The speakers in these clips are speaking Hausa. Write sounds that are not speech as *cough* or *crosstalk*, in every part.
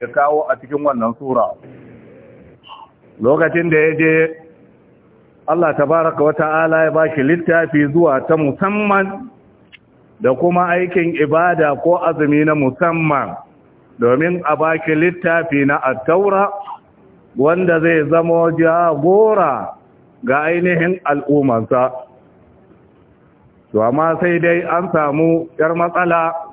ya kawo a cikin wannan sura lokacin da ya je Allah tabaraka wa ta'ala ya shi littafi zuwa ta musamman da kuma aikin ibada ko azumi na musamman domin a baki littafi na attaura wanda zai zama jagora ga ainihin al'ummarsa to amma sai dai an samu yar matsala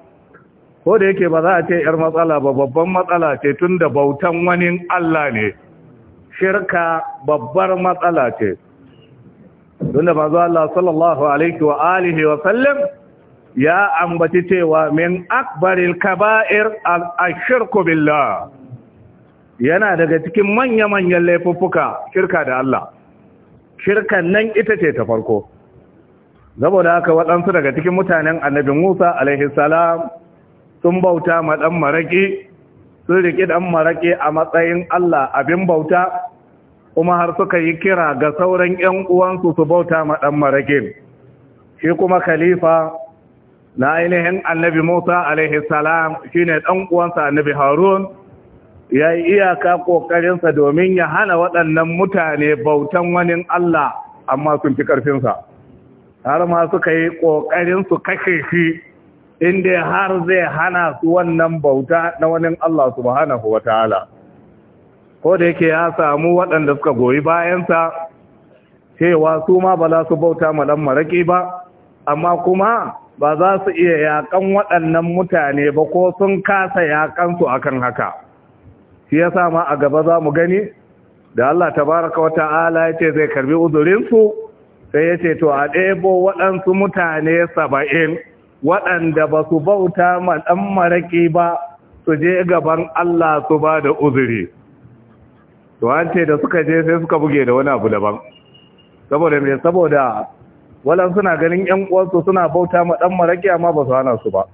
ko da yake ba za a ce yar matsala ba babban matsala ce tun da bautan wani Allah ne shirka babbar matsala ce tun da mazu Allah sallallahu alaihi wa alihi wa sallam ya ambaci cewa min akbaril kaba'ir al shirku billah yana daga cikin manya-manyan laifuffuka shirka da Allah shirkan nan ita ce ta farko saboda haka waɗansu daga cikin mutanen annabi Musa alaihi salam sun bauta ma ɗan maraƙi sun riƙi ɗan maraƙi a matsayin Allah abin bauta kuma har suka yi kira ga sauran 'yan uwansu su bauta ma ɗan maraƙi. shi kuma khalifa na ainihin annabi musa alaihi shi ne ɗan uwansa annabi harun ya yi iyaka ƙoƙarinsa domin ya hana waɗannan mutane bautan wani Allah amma sun fi ƙarfinsa har ma suka yi ƙoƙarin su kashe shi inda har zai hana su wannan bauta na wani Allah subhanahu wa ta'ala ko da yake ya samu waɗanda suka goyi bayansa cewa su ma ba za su bauta malam maraƙi ba amma kuma ba za su iya yaƙan waɗannan mutane ba ko sun kasa yaƙansu kan haka shi ya sama a gaba za mu gani da Allah tabaraka wa ta'ala ya ce zai karbi uzurinsu sai ya ce to a ɗebo waɗansu mutane saba'in waɗanda ba su bauta ma ɗan maraƙi ba su je gaban Allah su ba da uzuri to an da suka je sai suka buge da wani abu daban saboda me saboda walan suna ganin 'yan uwansu suna bauta ma ɗan maraƙi amma ba su hana su ba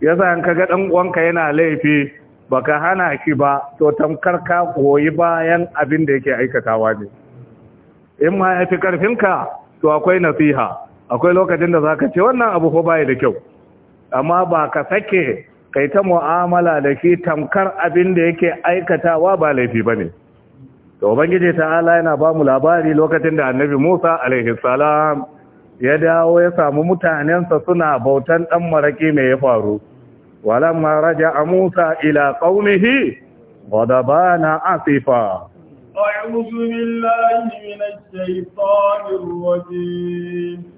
yasa in ga ɗan uwanka yana laifi ba ka hana shi ba to tamkar ka koyi bayan abin da yake aikatawa ne in ma ya fi ƙarfinka, to akwai nasiha akwai lokacin da zaka ce wannan abu ko bai da kyau amma ba ka sake kai ta mu'amala da shi tamkar abin da yake aikatawa ba laifi bane to ubangiji ta'ala yana ba mu labari lokacin da annabi Musa alaihi salam ya dawo ya samu mutanensa suna bautan dan maraki mai ya faru walamma raja'a Musa ila qaumihi wadabana asifa أعوذ بالله من الشيطان الرجيم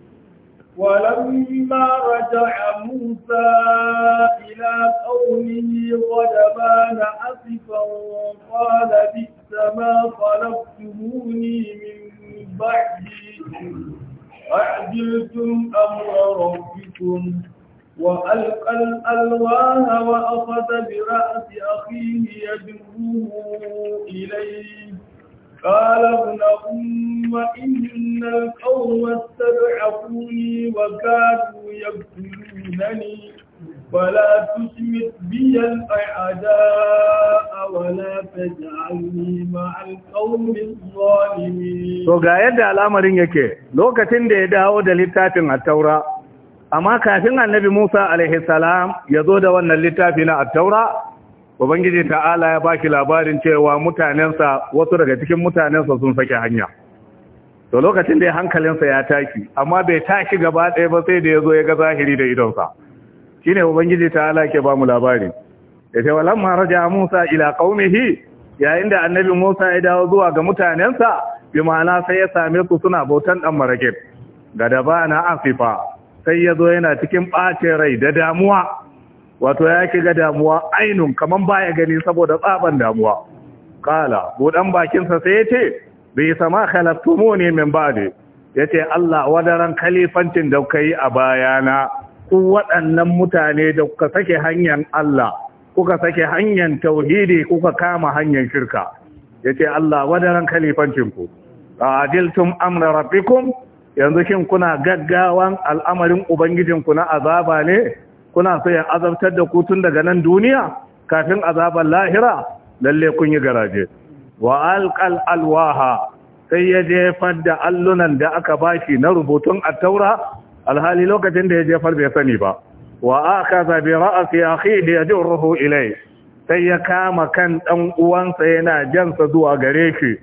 ولما رجع موسى إلى قومه وجبان أسفا قال بئس ما خلقتموني من بعدي أعجلتم أمر ربكم وألقى الألواه وأخذ برأس أخيه يجره إليه قال ابن أم إن القوم استضعفوني وكادوا يقتلونني ولا تشمت بي الأعداء ولا تجعلني مع القوم الظالمين so ga yadda al'amarin yake lokacin da ya dawo da littafin at-taura amma kafin annabi Musa alaihi salam ya zo da wannan littafi na at-taura ubangiji ta'ala ya baki labarin cewa mutanensa wasu daga cikin mutanensa sun sake hanya to lokacin da ya hankalinsa ya taki amma bai tashi gaba ɗaya ba sai da ya zo ya ga zahiri da idonsa shine ubangiji ta'ala ke ba mu labari da ce lamma raja musa ila ƙaumihi yayin da annabi musa ya dawo zuwa ga mutanensa bi ma'ana sai ya same su suna bautan ɗan marake ga da ba na asifa sai ya zo yana cikin ɓacin rai da damuwa wato ya shiga damuwa ainun kaman baya gani saboda tsaban damuwa kala budan bakinsa sai ya ce bai sama khalaftumu ne min ba'di yace Allah wadaran khalifancin da kai a bayana ku waɗannan mutane da kuka sake hanyar Allah kuka sake hanyar tauhidi kuka kama hanyar shirka yace Allah wadaran khalifancin ku adiltum amra rabbikum yanzu kin kuna gaggawan al'amarin ubangijinku na azaba ne kuna so ya azabtar da kutun daga nan duniya kafin azabar lahira lalle kun yi garaje wa alqal alwaha sai ya jefar da allunan da aka bashi na rubutun at-taura alhali lokacin da ya jefar bai sani ba wa akaza bi ra'si akhihi yajruhu ilay sai ya kama kan dan uwansa yana jan sa zuwa gare shi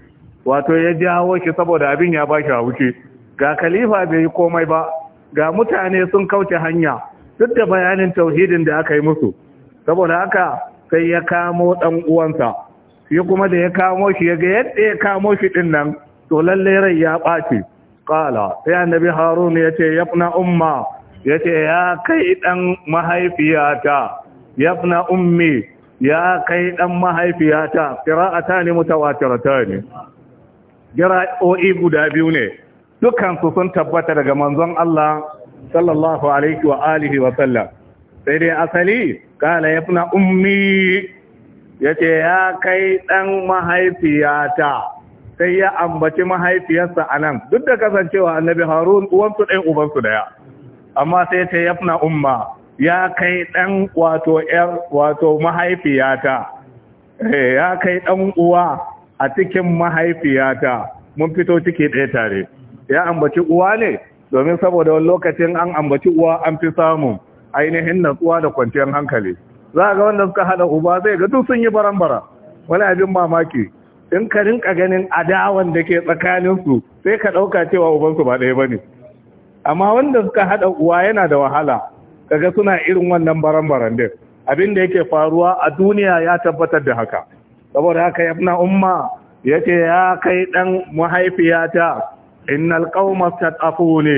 wato ya jawo shi saboda abin ya bashi a wuce ga khalifa bai yi komai ba ga mutane sun kauce hanya duk da bayanin tauhidin da aka yi musu saboda haka sai ya kamo dan uwansa shi kuma da ya kamo shi ya ga yadda ya kamo shi din nan to lalle rai ya ɓaci qala sai annabi harun ya ce yabna umma ya ce ya kai dan mahaifiyata yabna ummi ya kai dan mahaifiyata qira'ata ne qira'o'i guda biyu ne dukkan su sun tabbata daga manzon Allah sallallahu alaihi wa alihi wa sallam sai dai asali kala yafna ummi yace ya kai ɗan mahaifiyata sai ya ambaci mahaifiyarsa a nan. duk da kasancewa annabi harun uwansu ɗan ubansu daya amma sai ce yafna umma ya kai dan wato yar wato mahaifiyata eh, ya kai ɗan uwa a cikin mahaifiyata mun fito ciki ɗaya tare ya ambaci uwa ne domin saboda wani lokacin an ambaci uwa an fi samun ainihin natsuwa da kwanciyar hankali za ga wanda suka haɗa uba zai ga duk sun yi barambara wani abin mamaki in ka rinka ganin adawan da ke tsakaninsu sai ka ɗauka cewa ubansu ba ɗaya ba ne amma wanda suka haɗa uwa yana da wahala kaga suna irin wannan barambaran din abin da yake faruwa a duniya ya tabbatar da haka saboda haka ya umma ya ya kai ɗan mahaifiyata innal qauma ne.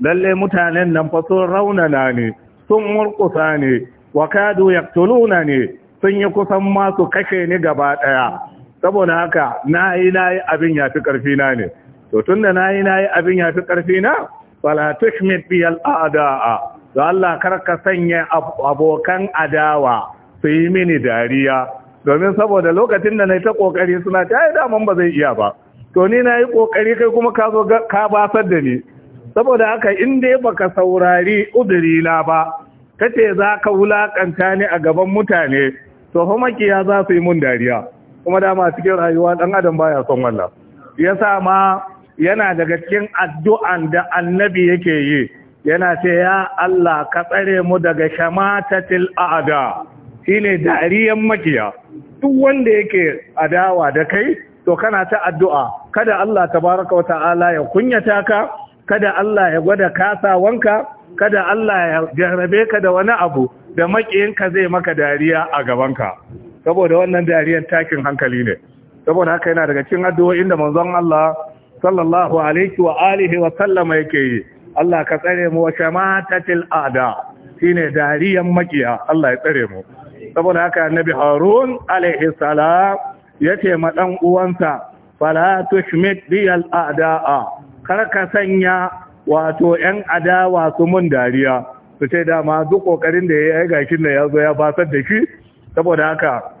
lalle mutanen nan fa sun raunana ne sun murkusa ne wa kadu yaqtuluna ne sun yi kusan ma su kashe ni gaba daya saboda haka nayi nayi abin yafi karfi na ne to tunda nayi nayi abin yafi karfi na fala tushmit bi al a'daa to Allah karka sanya abokan adawa su yi mini dariya domin saboda lokacin da na ta kokari suna ta yi daman ba zai iya ba to ni na yi ƙoƙari kai kuma ka zo ka basar da ni saboda haka in dai baka saurari udurina ba kace za ka wulaƙanta ni a gaban mutane to fa makiya za su yi mun dariya kuma dama cikin rayuwa dan adam baya son wannan yasa ma yana daga cikin addu'an da annabi yake yi yana ce ya Allah ka tsare mu daga shamatatil a'da shine dariyan makiya duk wanda yake adawa da kai to kana ta addu'a kada Allah tabaraka wa ta'ala ya kunyata ka kada Allah ya gwada kasawanka kada Allah ya jarabe ka da wani abu da makiyinka zai maka dariya a gabanka saboda wannan dariyar takin hankali ne saboda haka yana daga cikin addu'o'in da manzon Allah sallallahu alaihi wa alihi wa sallama yake yi Allah ka tsare mu wa shamatatil a'da shine dariyan makiya Allah ya tsare mu saboda haka annabi Harun alaihi salam yace ma dan uwansa fala tushmit biyal a'da'a kar ka sanya wato yan adawa su mun dariya su ce dama duk kokarin da yayi gashin da ya zo ya fasar da shi saboda haka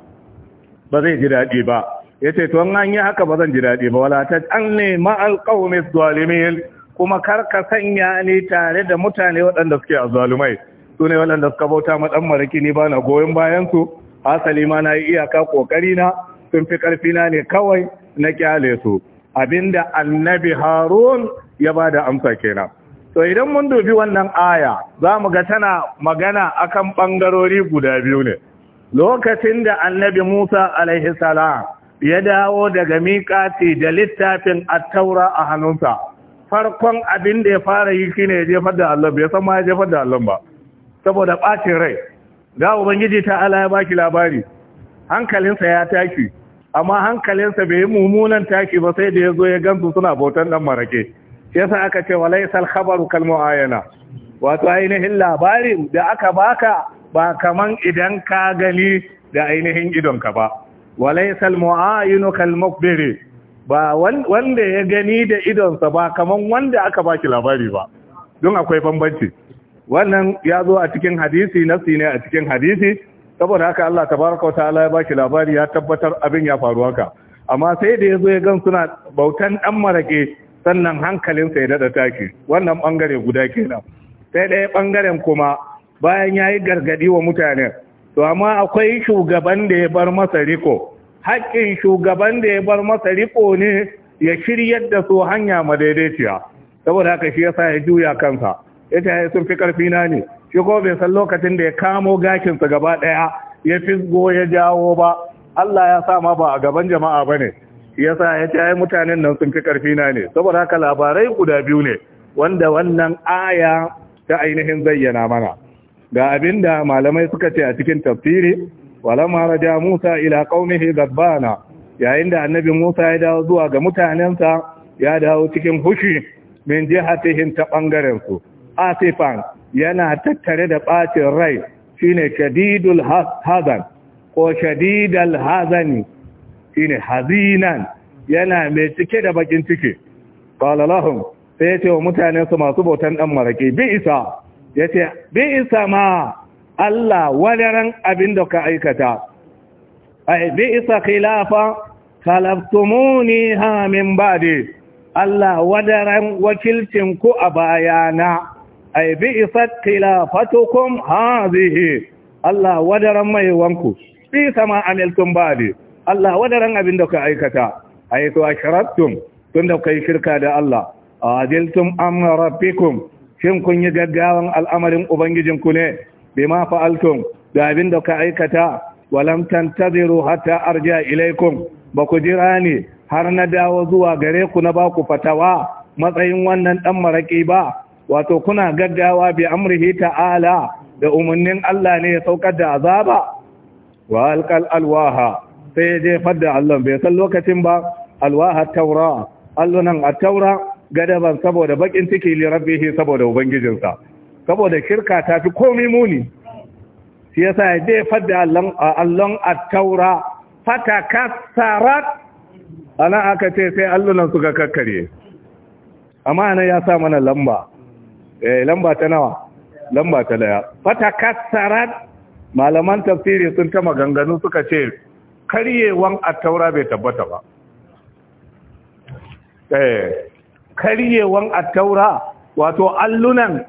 ba zai ji daɗi ba yace to an yi haka ba zan ji daɗi ba wala ta anni ma'al qaumi zalimin kuma kar ka sanya ni tare da mutane waɗanda suke zalumai. su ne waɗanda suka bauta ma ɗan maraki ni ba na goyon bayansu asali ma na yi iyaka ƙoƙari na sun fi ƙarfina ne kawai na kyale su abinda annabi harun ya ba da amsa kenan to idan mun dubi wannan aya za mu ga tana magana akan ɓangarori guda biyu ne lokacin da annabi musa alaihi salam ya dawo daga miƙati da littafin attaura a hannunsa farkon abin da ya fara yi shine ya jefar da allah bai san ma ya jefar da allah ba saboda ɓacin rai ga ubangiji ta ala ya baki labari hankalinsa ya tashi amma hankalinsa bai yi mummunan taki ba sai da ya zo ya gansu suna bautan ɗan marake Ya yasa aka ce walaisal khabaru kal muayana wato ainihin labari da aka baka ba kaman idan ka gani da ainihin idonka ba walaisal muayinu kal mukbiri ba wanda ya gani da idonsa ba kaman wanda aka baki labari ba don akwai bambanci wannan ya zo a cikin hadisi nafsi ne a cikin hadisi saboda haka Allah tabaraka wa ta'ala ya labari ya tabbatar abin ya faru haka amma sai da ya zo ya gan suna bautan dan marake sannan hankalin sa ya dada taki wannan bangare guda kenan sai ɗaya bangaren kuma bayan yayi gargadi wa mutane to amma akwai shugaban da ya bar masa riko haƙƙin shugaban da ya bar masa riko ne ya shiryar da su hanya madaidaiciya saboda haka shi yasa ya juya kansa yace sun fi karfi na ne shi ko bai san lokacin da ya kamo sa gaba ɗaya ya fisgo ya jawo ba Allah ya sa ma ba a gaban jama'a ba ne ya sa ya ce mutanen nan sun fi karfi na ne saboda haka labarai guda biyu ne wanda wannan aya ta ainihin zayyana mana ga abinda malamai suka ce a cikin tafsiri walamma raja Musa ila qaumihi gabbana yayin da annabi Musa ya dawo zuwa ga mutanensa ya dawo cikin hushi min jihatihin ta bangaren su asifan yana tattare da ɓacin rai shine shadidul hazan ko shadidal hazani ne hazinan yana mai cike da bakin ciki Ba lahum sai ce wa mutane su masu bautan ɗan maraki bi isa Ya ce bi isa ma Allah wadaran abin da ka aikata ai bi isa khilafa khalaftumuni ha min ba Allah wadaran wakilcin ku a bayana ai bi isat khilafatukum hadhihi Allah wadaran mai wanku fi sama amiltum ba'di Allah wadaran abin da ka aikata ai to tun da kai shirka da Allah adiltum amra rabbikum shin kun yi gaggawan al'amarin ubangijin ku ne bima fa'altum da abin da ka aikata walam tantaziru hatta arja ilaikum ba ku jira ni har na dawo zuwa gare ku na ba baku fatawa matsayin wannan dan maraki ba wato kuna gaggawa bi amrihi ta'ala da umarnin Allah ne ya saukar da azaba wa alqal alwaha sai ya je da allon bai san lokacin ba alwaha taura allunan a taura gadaban saboda bakin ciki li rabbihi saboda ubangijinsa saboda shirka ta fi komai muni shi yasa ya je da allon Allah a taura fata kasarat ana aka ce sai allunan suka kakkare amma ana ya sa mana lamba eh lamba ta nawa lamba ta daya fatakassarat malaman tafsiri sun ta maganganu suka ce karyewan taura bai tabbata ba eh karyewan taura wato allunan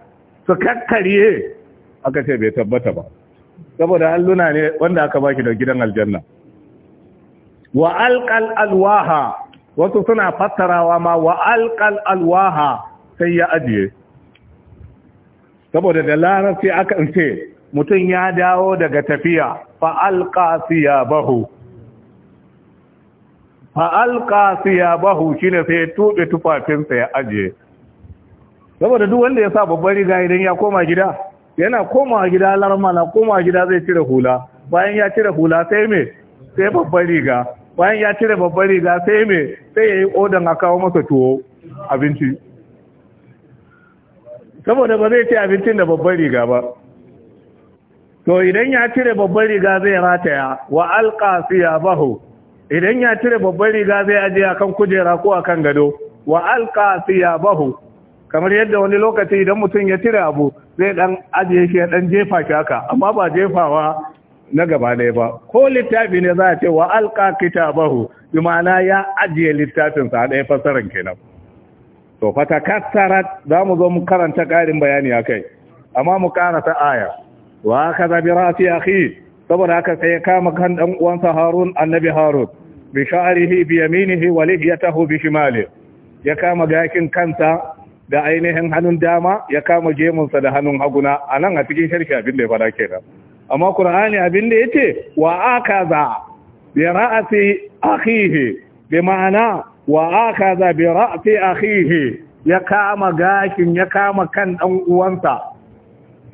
su kakkarye aka ce bai tabbata ba saboda alluna ne wanda aka baki da gidan aljanna wa alqal alwaha wasu suna fassarawa ma wa alqal alwaha sai ya ajiye saboda da sai akan ce mutum ya dawo daga tafiya fa'alƙa bahu fa'alƙa bahu shi ne sai tuɓe tufafinsa ya ajiye saboda duk wanda ya sa babban riga idan ya koma gida yana koma gida larma na koma gida zai cire hula bayan ya cire hula sai me sai babban riga bayan ya cire babban riga sai me sai ya yi odan a kawo masa tuwo abinci saboda ba zai ci abincin da babban riga ba to idan ya cire babban riga zai rataya wa ya bahu idan ya cire babbar riga zai aje akan kujera ko akan gado wa ya bahu kamar yadda wani lokaci idan mutum ya cire abu zai dan ajiye shi ya dan jefa shi haka amma ba jefawa na gaba ɗaya ba ko littafi ne za a ce wa alqa kitabahu bi ma'ana ya ajiye littafin sa ɗaya fasaran kenan to fata kasarat za mu zo mu karanta ƙarin bayani a kai amma mu ta aya wa haka zabi rafi kai saboda haka sai ya kama kan dan uwansa harun annabi harun bi sha'arihi bi yaminihi wa lihiyatahu bi shimali ya kama gakin kanta da ainihin hannun dama ya kama gemunsa da hannun haguna a nan a cikin shirki abin da ya fada ke nan amma Al-Qur'ani abin da ya ce wa aka za bi ra'asi akhihi bi ma'ana wa aka zabi ra'fi akhihi ya kama gashin ya kama kan dan uwansa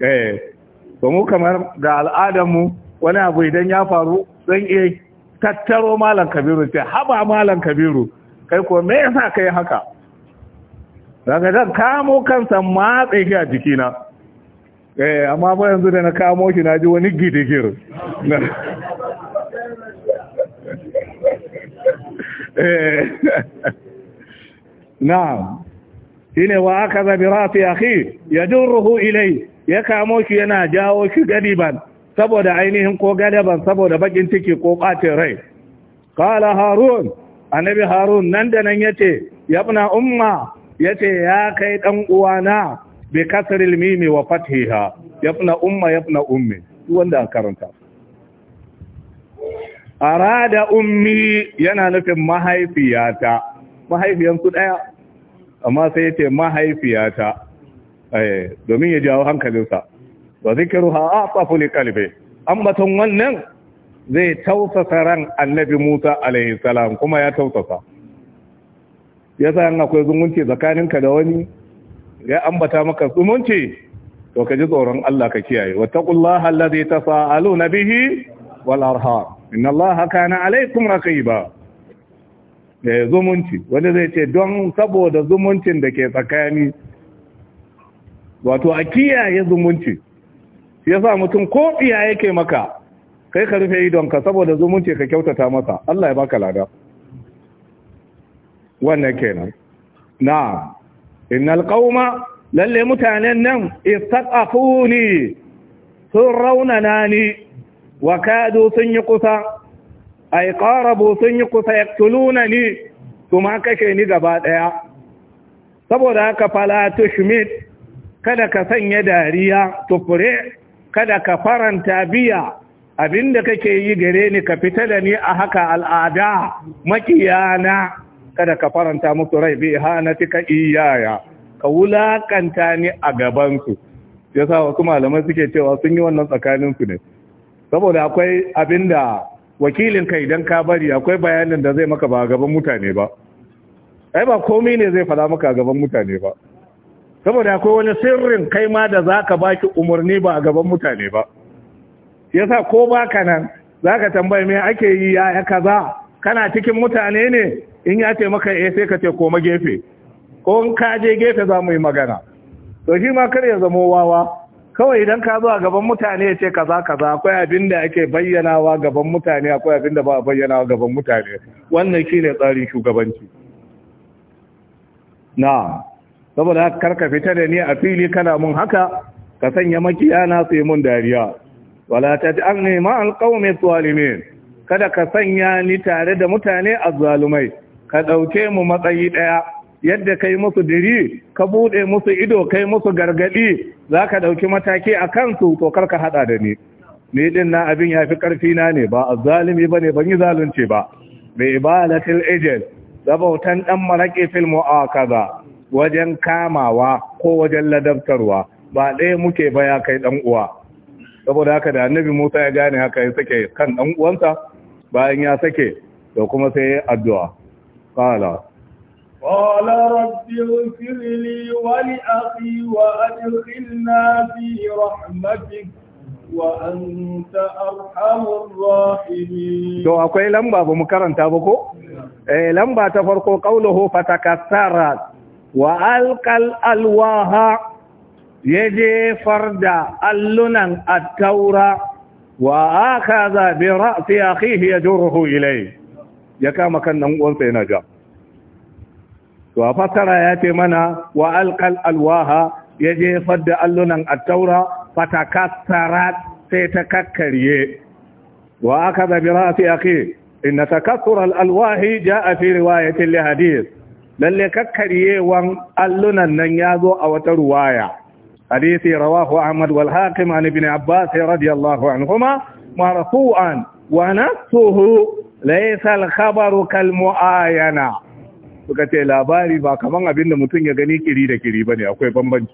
eh to mu kamar ga al'adarmu wani abu idan ya faru don iya tattaro malam kabiru ce haba malam kabiru kai ko me yasa kai haka daga zan kamo kansa matsa shi a jikina eh amma ba yanzu da na kamo shi na ji wani gidigir *laughs* Eh. *laughs* na'am shine wa aka zabi rafi akhi yajruhu ilai ya kamo shi yana jawo shi gadiban saboda ainihin ko gadaban saboda bakin ciki ko bacin rai Kala harun annabi harun nan da nan yace yabna umma yace ya kai dan uwana bi kasril mimi wa fathiha yabna umma yabna ummi wanda karanta arada ummi yana nufin mahaifiyata mahaifiyansu ɗaya amma sai ya ce mahaifiyata eh, domin ya jawo hankalinsa ba zikiru ha a tsafuli kalbe ambaton wannan zai tausasa ran annabi musa alaihissalam kuma ya tausasa ya sa akwai zumunci tsakaninka da wani ya ambata maka zumunci to ka ji tsoron allah ka kiyaye wata ƙullaha allazi ta sa'alu na bihi wal arham inna allaha kana alaikum raqiba eh zumunci wanda zai ce don saboda zumuncin da ke tsakani wato a kiyaye zumunci sa mutum ko tsiya yake maka kai ka rufe idonka saboda zumunci ka kyautata masa Allah ya baka lada wannan kenan na'am innal qauma lalle mutanen nan istaqafuni sun raunana ni wa kadu sun yi kusa ay qarabu sun yi kusa ya tuluna ni kuma kashe ni gaba daya saboda haka fala tushmit kada ka sanya dariya tufure kada ka faranta biya abinda kake yi gare ni ka fita da ni a haka al'ada makiyana kada ka faranta musu rai bi hanatika iyaya ka wulaƙanta ni a gabansu yasa wasu malamai suke cewa sun yi wannan tsakaninsu ne saboda akwai abin da wakilin ka idan ka bari akwai bayanin da zai maka ba gaban mutane ba ai ba komai ne zai fada maka gaban mutane ba saboda akwai wani sirrin kai ma da zaka baki umarni ba gaban mutane ba yasa ko baka nan zaka tambaye me ake yi ya kaza kana cikin mutane ne in ya ce maka eh sai ka ce koma gefe ko in ka je gefe za mu yi magana to shi ma kar ya zama wawa kawai idan ka zo a gaban mutane ya ce kaza kaza akwai abin da ake bayyanawa gaban mutane akwai abin da ba a bayyanawa gaban mutane wannan shine tsarin shugabanci na saboda haka karka fita da ni a fili kana mun haka ka sanya makiyana su yi mun dariya wala an nema qaumi zalimin kada ka sanya ni tare da mutane a zalumai. ka ɗauke mu matsayi ɗaya. yadda kai musu diri ka buɗe musu ido kai musu gargadi, za ka ɗauki mataki a kansu to karka haɗa da ni ni ɗin na abin ya fi na ne ba a bane ban yi zalunci ba bai ibalatil ejel zabautan ɗan maraki fil mu'akaza wajen kamawa ko wajen ladabtarwa ba ɗaya muke ba ya kai ɗan uwa saboda haka da annabi musa ya gane haka ya sake kan dan uwansa bayan ya sake to kuma sai addu'a qala قال رب اغفر لي ولأخي وأدخلنا في رحمتك وأنت أرحم الراحمين تو أكوي لمبا بمكرن تابكو لمبا تفرقوا قوله فتكسرت وألقى الألواح يجي فردا اللنا التورا وآخذ برأس أخيه يجره إليه يكامك أنه أنت نجا وفكر ياتي منا وألقى الألواها يجي صد ألنا التورة فتكسرت سيتككري وأخذ برأس أخيه إن تكثر الألواه جاء في رواية لحديث للي ككري وان ألنا ننياذو أو ترواية حديث رواه أحمد والحاكم عن ابن عباس رضي الله عنهما مرفوعا ونفسه ليس الخبر كالمؤاينه suka ce labari ba kaman abin da mutum ya gani kiri da kiri bane akwai bambanci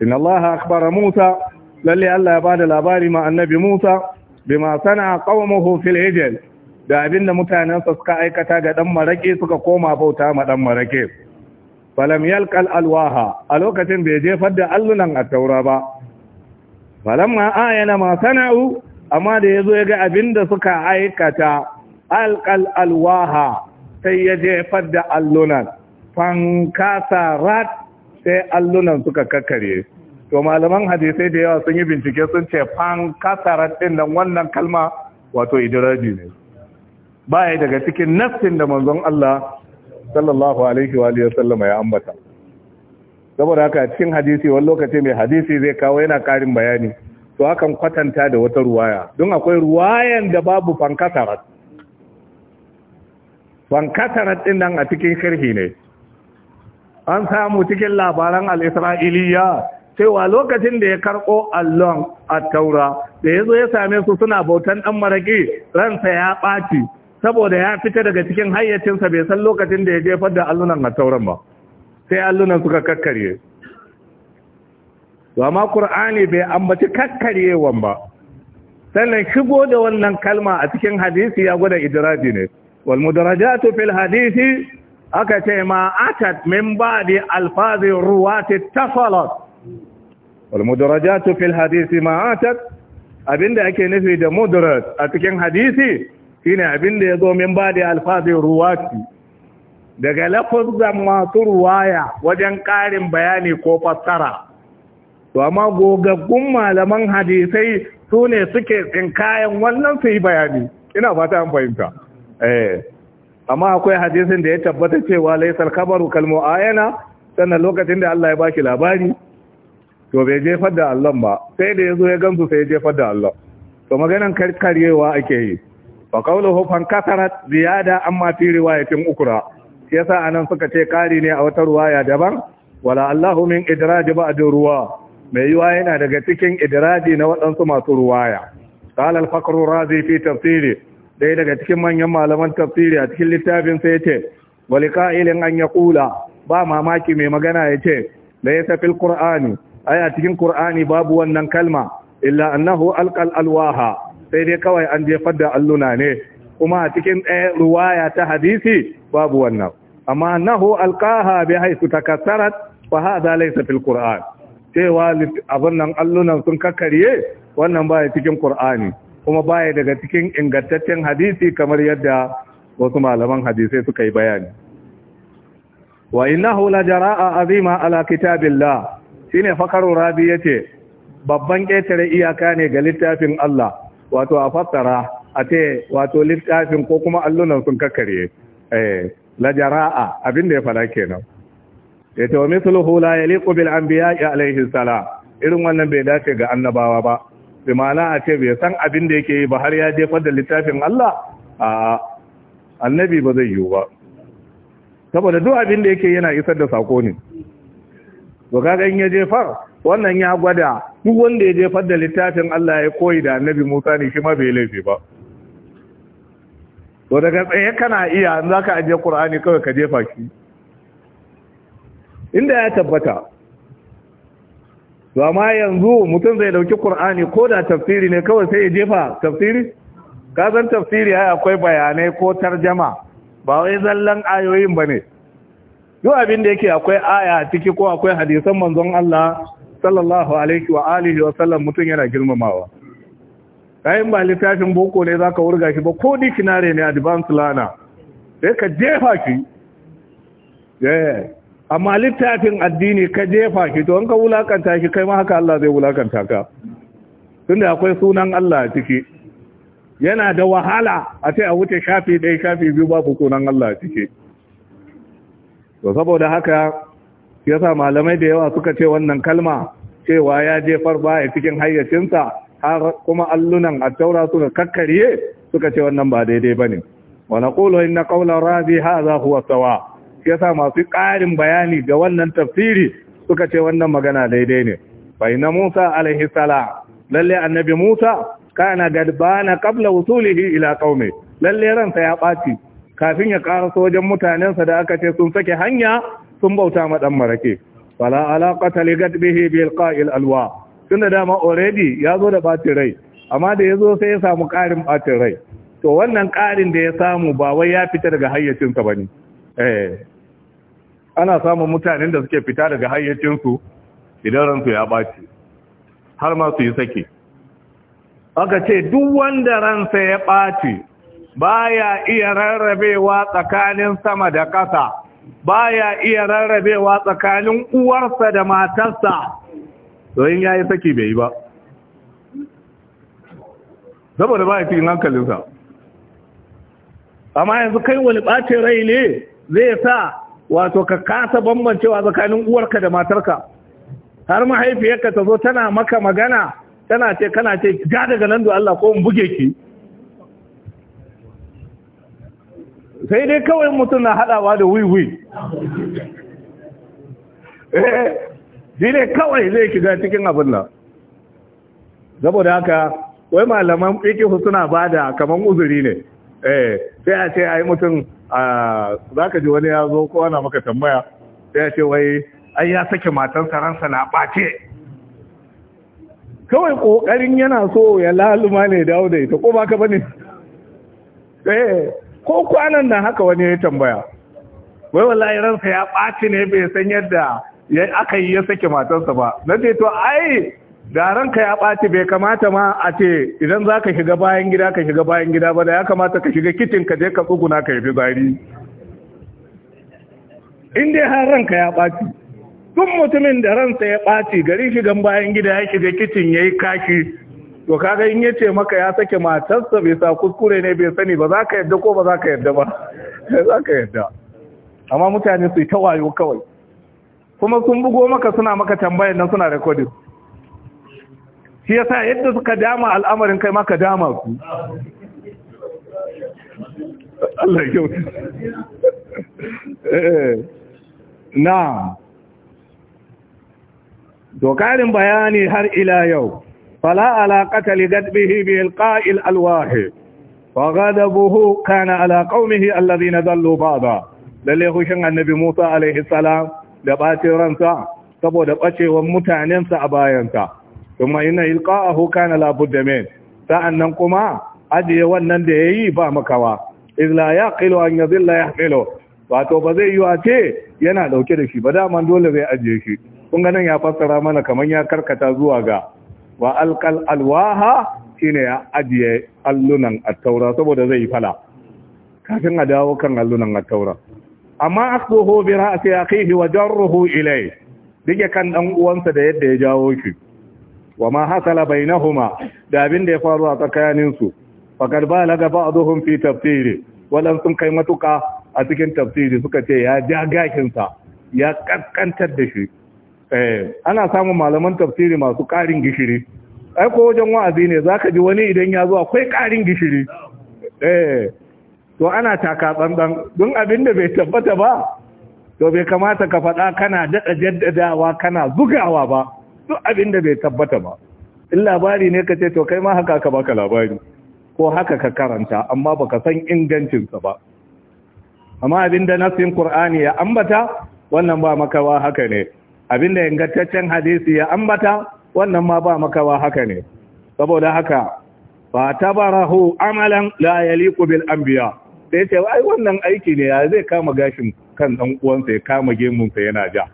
inna Allah akbara Musa lalle Allah ya bada labari ma annabi Musa bima sana'a qaumuhu fil ijl da abinda da mutanensa suka aikata ga ɗan maraƙe suka koma bauta ma ɗan maraƙe. Falam yalkal alwaha a lokacin bai jefar da allunan a taura ba. Falam ma ayana ma sana'u, amma da ya zo ya ga abin da suka aikata alkal alwaha sai ya jefar da allunan fankasarat rat sai allunan suka kakare. to malaman hadisai da yawa sun yi bincike sun ce fankasa rat din nan wannan kalma wato idiraji ne baya daga cikin nassin da manzon Allah sallallahu alaihi wa sallama ya ambata saboda haka cikin hadisi wani lokaci mai hadisi zai kawo yana karin bayani to akan kwatanta da wata ruwaya don akwai ruwayan da babu fankasarat. Wan kasarar ɗin nan a cikin sharhi ne an samu cikin labaran al'isra'iliya cewa lokacin da ya karɓo allon a taura da ya zo ya same su suna bautan ɗan maraƙi ransa ya ɓaci saboda ya fita daga cikin hayyacinsa bai san lokacin da ya jefar da allunan a tauran ba sai allunan suka kakkarye amma Kur'ani bai ambaci kakkaryewan ba sannan shigo da wannan kalma a cikin hadisi ya gwada idiraji ne wal mudarajatu fil hadisi aka ce ma atat min ba'di alfazi ruwati tasalat wal mudarajatu fil hadisi ma abinda ake nufi da mudarat a cikin hadisi shine abinda ya zo min ba'di alfazi ruwati daga lafazan masu ruwaya wajen ƙarin bayani ko fassara to amma gogaggun malaman hadisai sune suke tsinkayen wannan su yi bayani ina fata an fahimta eh amma akwai hadisin da ya tabbata cewa laisar kabaru kalmo ayana sannan lokacin da Allah ya bashi labari to bai jefar da Allah ba sai da yazo ya gamsu sai ya jefar da Allah to maganan karkarewa ake yi fa qawluhu fan kasarat ziyada amma fi riwayatin ukra yasa anan suka ce kari ne a wata ruwaya daban wala Allahu min idraj ba'd ruwa mai yiwa yana daga cikin idraji na waɗansu masu ruwaya qala al-faqru razi fi tafsiri ɗaya daga cikin manyan malaman tafsiri a cikin littafin sai ya ce wali ƙa'ilin an ya ƙula ba mamaki mai magana ya ce da ya tafi ƙur'ani ai a cikin ƙur'ani babu wannan kalma illa annahu alƙal alwaha sai dai kawai an jefar da alluna ne kuma a cikin ɗaya eh, ruwaya ta hadisi babu wannan amma annahu alqaha bi haythu takassarat fa hadha laysa fil qur'an cewa abin nan allunan sun kakkarye wannan ba cikin qur'ani kuma baya daga cikin ingantaccen hadisi kamar yadda wasu malaman hadisai suka yi bayani wa innahu la jara'a azima ala kitabillah shine fakaru rabi yace babban ƙetare iyaka ne ga littafin Allah wato a fassara a ce wato littafin ko kuma allunan sun kakkare eh la jara'a abin da ya fara kenan yace wa mithluhu la yaliqu bil anbiya'i alaihi salam irin wannan bai dace ga annabawa ba bi ma'ana a ce bai san abin da yake yi ba har ya jefar da littafin Allah a annabi ba zai yiwu ba saboda duk abin da yake yana isar da sako ne Ba ga in ya jefar wannan ya gwada duk wanda ya jefar da littafin Allah ya koyi da annabi Musa ne shi ma bai laifi ba to daga tsaye kana iya an zaka aje Qur'ani kawai ka jefa shi inda ya tabbata to amma yanzu mutum zai dauki qur'ani ko da tafsiri ne kawai sai ya jefa tafsiri ka san tafsiri ai akwai bayanai ko tarjama ba wai zallan ayoyin bane duk abin da yake akwai aya ciki ko akwai hadisan manzon Allah sallallahu alaihi wa alihi wa sallam mutum yana girmamawa kayan ba littafin boko ne zaka wurga shi ba ko dictionary ne advanced learner sai ka jefa shi yeah amma littafin addini ka jefa shi to an ka wulakanta shi kai ma haka Allah zai wulakanta ka tunda akwai sunan Allah a ciki yana da wahala a ce a wuce shafi ɗaya shafi biyu babu sunan Allah a ciki to saboda haka yasa malamai da yawa suka ce wannan kalma cewa ya jefar baya cikin hayyacinsa har kuma allunan taura suka kakkarye suka ce wannan ba daidai bane wa naqulu inna qawla radi hadha huwa sawa ya yasa masu ƙarin bayani ga wannan tafsiri suka ce wannan magana daidai ne bai Musa alaihi salam lalle annabi Musa kana gadbana qabla wusulihi ila qaumi lalle ransa ya ɓaci. kafin ya karaso wajen mutanensa da aka ce sun sake hanya sun bauta ma dan marake wala alaqata li gadbihi bil qa'il alwa tunda dama already ya zo da bacin rai amma da ya zo sai ya samu ƙarin ɓacin rai to wannan ƙarin da ya samu ba wai ya fita daga hayyacinsa ba ne eh ana samun mutanen da suke fita daga hayyacinsu idan ransu ya ɓaci har ma su yi sake aka ce duk wanda ransa ya ɓaci baya iya rarrabewa tsakanin sama da ƙasa baya iya rarrabewa tsakanin uwarsa da matarsa domin ya yi saki bai yi ba saboda ba ya fi hankalinsa amma yanzu kai wani ɓacin rai ne zai sa wato ka kasa bambancewa tsakanin uwarka da matarka har mahaifiyarka ta zo tana maka magana tana ce kana ce ga daga nan da Allah ko mu buge ki sai dai kawai mutum na hadawa da wiwi eh shi ne kawai zai shiga cikin abin nan saboda haka wai malaman fikihu suna bada kaman uzuri ne eh sai a ce ai mutum za ka ji wani ya zo ko ana maka tambaya sai ya ce wai ai ya sake matansa ransa na ɓace kawai ƙoƙarin yana so ya laluma ne dawo da ita ko baka bane eh ko kwanan nan haka wani ya tambaya wai wallahi ransa ya ɓaci ne bai san yadda ya aka yi ya sake matarsa ba na to ai da ranka ya ɓaci bai kamata ma a ce idan za ka shiga bayan gida ka shiga bayan gida ba da ya kamata ka shiga kicin ka je ka tsuguna ka yafi zari in dai har ranka ya ɓaci tun mutumin da ransa ya ɓaci gari shigan bayan gida ya shiga kicin ya yi kashi to kaga in ya ce maka ya sake matarsa bai sa kuskure ne bai sani ba za ka yadda ko ba za ka yadda ba *laughs* za ka yadda amma mutane su yi ta wayo kawai kuma sun bugo maka suna maka tambayan nan suna recording shi yasa yadda suka dama al'amarin kai ma ka dama ku Allah ya kyauta eh, na dokarin bayani har ila yau fala alaƙata ligadbihi bi alqa'il alwahid wa kana ala qaumihi alladhina dallu ba'da lalle hushin annabi Musa alaihi salam da bacin ransa saboda ɓacewar mutanensa a bayansa kuma ina ilqa'ahu kana la budda min sa'annan kuma ajiye wannan da yayi ba makawa iz la yaqilu an yadhilla yahmilu wato ba zai yi ce yana dauke da shi ba dama dole zai ajiye shi kun ga ya fassara mana kaman ya karkata zuwa ga wa alqal alwaha shine ya ajiye allunan at-taura saboda zai fala kafin a dawo kan allunan at-taura amma akhbuhu bi ra'si akhihi wa jarruhu ilayhi dige kan dan uwansa da yadda ya jawo shi wa ma hasala bainahuma da abin da ya faru a tsakanin su faqad balaga ba'dhum fi tafsiri wala sun kai matuka a cikin tafsiri suka ce ya ja gakin sa ya kaskantar da shi eh ana samun malaman tafsiri masu karin gishiri ai ko wajen wa'azi ne zaka ji wani idan ya zo akwai karin gishiri eh to ana taka tsantsan don abin da bai tabbata ba to bai kamata ka faɗa kana daɗa jaddadawa kana zugawa ba duk abin da bai tabbata ba in labari ne ka ce to kai ma haka ka baka labari ko haka ka karanta amma baka san ingancinsa ba amma abin da nasin qur'ani ya ambata wannan ba makawa haka ne abin da ingantaccen hadisi ya ambata wannan ma ba makawa haka ne saboda haka fa tabarahu amalan la yaliqu bil anbiya sai ce ai wannan aiki ne ya zai kama gashin kan dan uwansa ya kama gemunsa yana ja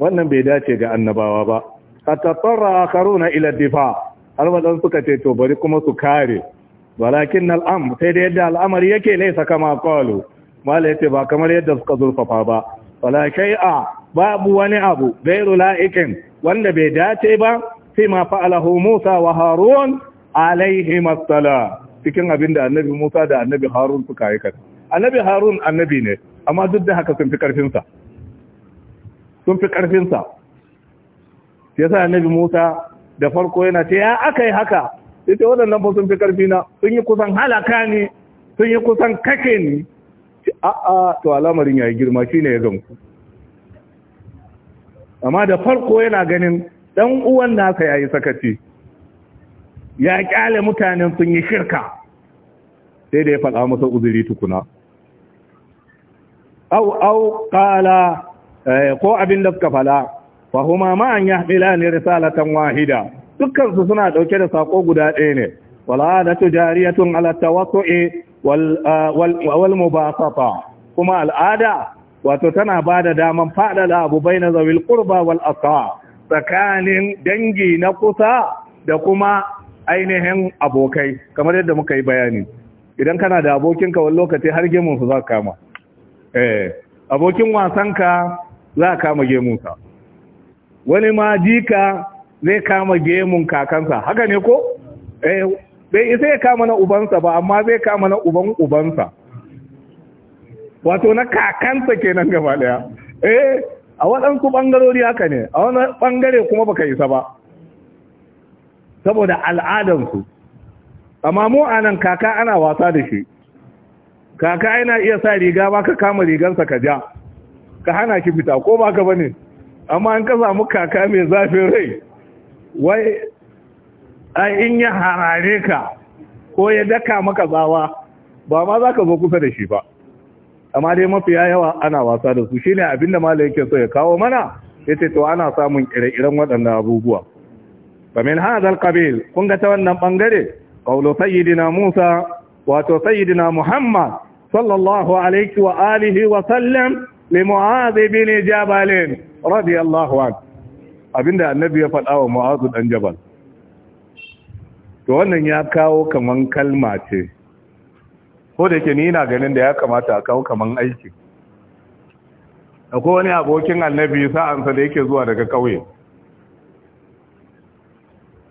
wannan bai dace ga annabawa ba fatattara akharuna ila difa har suka ce to bari kuma su kare walakin al'am sai da yadda al'amari yake laisa kama qalu mala yace ba kamar yadda suka zulfafa ba wala shay'a babu wani abu gairu la'ikin wanda bai dace ba sai ma fa'alahu Musa wa Harun alaihi masala cikin abinda annabi Musa da annabi Harun suka aikata annabi Harun annabi ne amma duk da haka sun fi karfinsa sun fi karfinsa ya sa annabi musa da farko yana ce ya aka yi haka ita waɗannan fa sun fi ƙarfi na sun yi kusan halaka ne sun yi kusan kake ne a'a to alamarin yayi girma shi ne ya ganku. amma da farko yana ganin ɗan uwan nasa ya yi sakaci ya ƙyale mutanen sun yi shirka sai da ya faɗa masa uzuri tukuna au au kala, eh, ko abin da suka fala fa huma ma an yahmilani risalatan wahida dukkan su suna dauke da sako guda ɗaya ne wala da tijariyatun ala tawassu'i wal wal mubasata kuma al'ada wato tana bada daman fadada abu baina zawil qurba wal tsakanin dangi na kusa da kuma ainihin abokai kamar yadda muka yi bayani idan kana da abokinka wani lokaci har gemunsu za ka kama eh abokin wasanka za ka kama gemunsa wani ma jika zai kama gemun kakansa haka ne ko eh, bai isa ya kama na ubansa ba amma zai kama na uban ubansa wato na kakansa kenan gaba daya eh a waɗansu ɓangarori haka ne a wani ɓangare kuma baka isa ba saboda al'adansu amma mu a nan kaka ana wasa da shi kaka yana iya sa riga ba ka kama rigansa ka ja ka hana shi fita ko ba ka ne amma an ka samu kaka mai zafin rai wai ai in ya harare ka ko ya daka maka zawa? ba ma za ka zo kusa da shi ba amma dai mafiya yawa ana wasa da su shine ne abinda malai yake so ya kawo mana yace to ana samun ire-iren waɗannan abubuwa fa min hadha alqabil kun ga ta wannan bangare qawlu sayyidina Musa wato sayyidina Muhammad sallallahu alaihi wa alihi wa sallam li Mu'adh bin Jabal radiyallahu an abinda annabi ya faɗa wa mu'azu dan jabal to wannan ya kawo kaman kalma ce ko da yake ni ina ganin da ya kamata a kawo kaman aiki akwai wani abokin annabi sa'ansa da yake zuwa daga kauye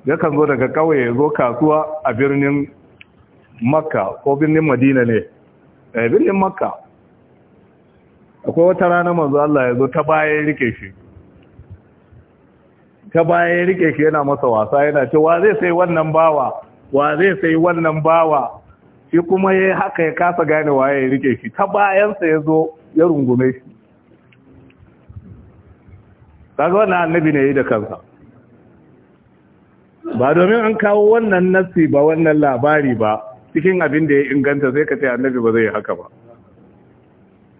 yakan zo daga kauye ya zo kasuwa a birnin makka ko birnin madina ne eh, birnin makka akwai wata rana manzo Allah ya zo ta baya ya rike shi ta baya ya rike shi yana masa wasa yana ce wa zai sai wannan bawa wa zai sai wannan bawa shi kuma yayi haka ya kasa gane wa ya rike shi ta bayansa ya zo ya rungume shi kaga wannan annabi ne yi da kansa ba domin an kawo wannan nasi ba wannan labari ba cikin abin da ya inganta sai ka ce annabi ba zai yi haka ba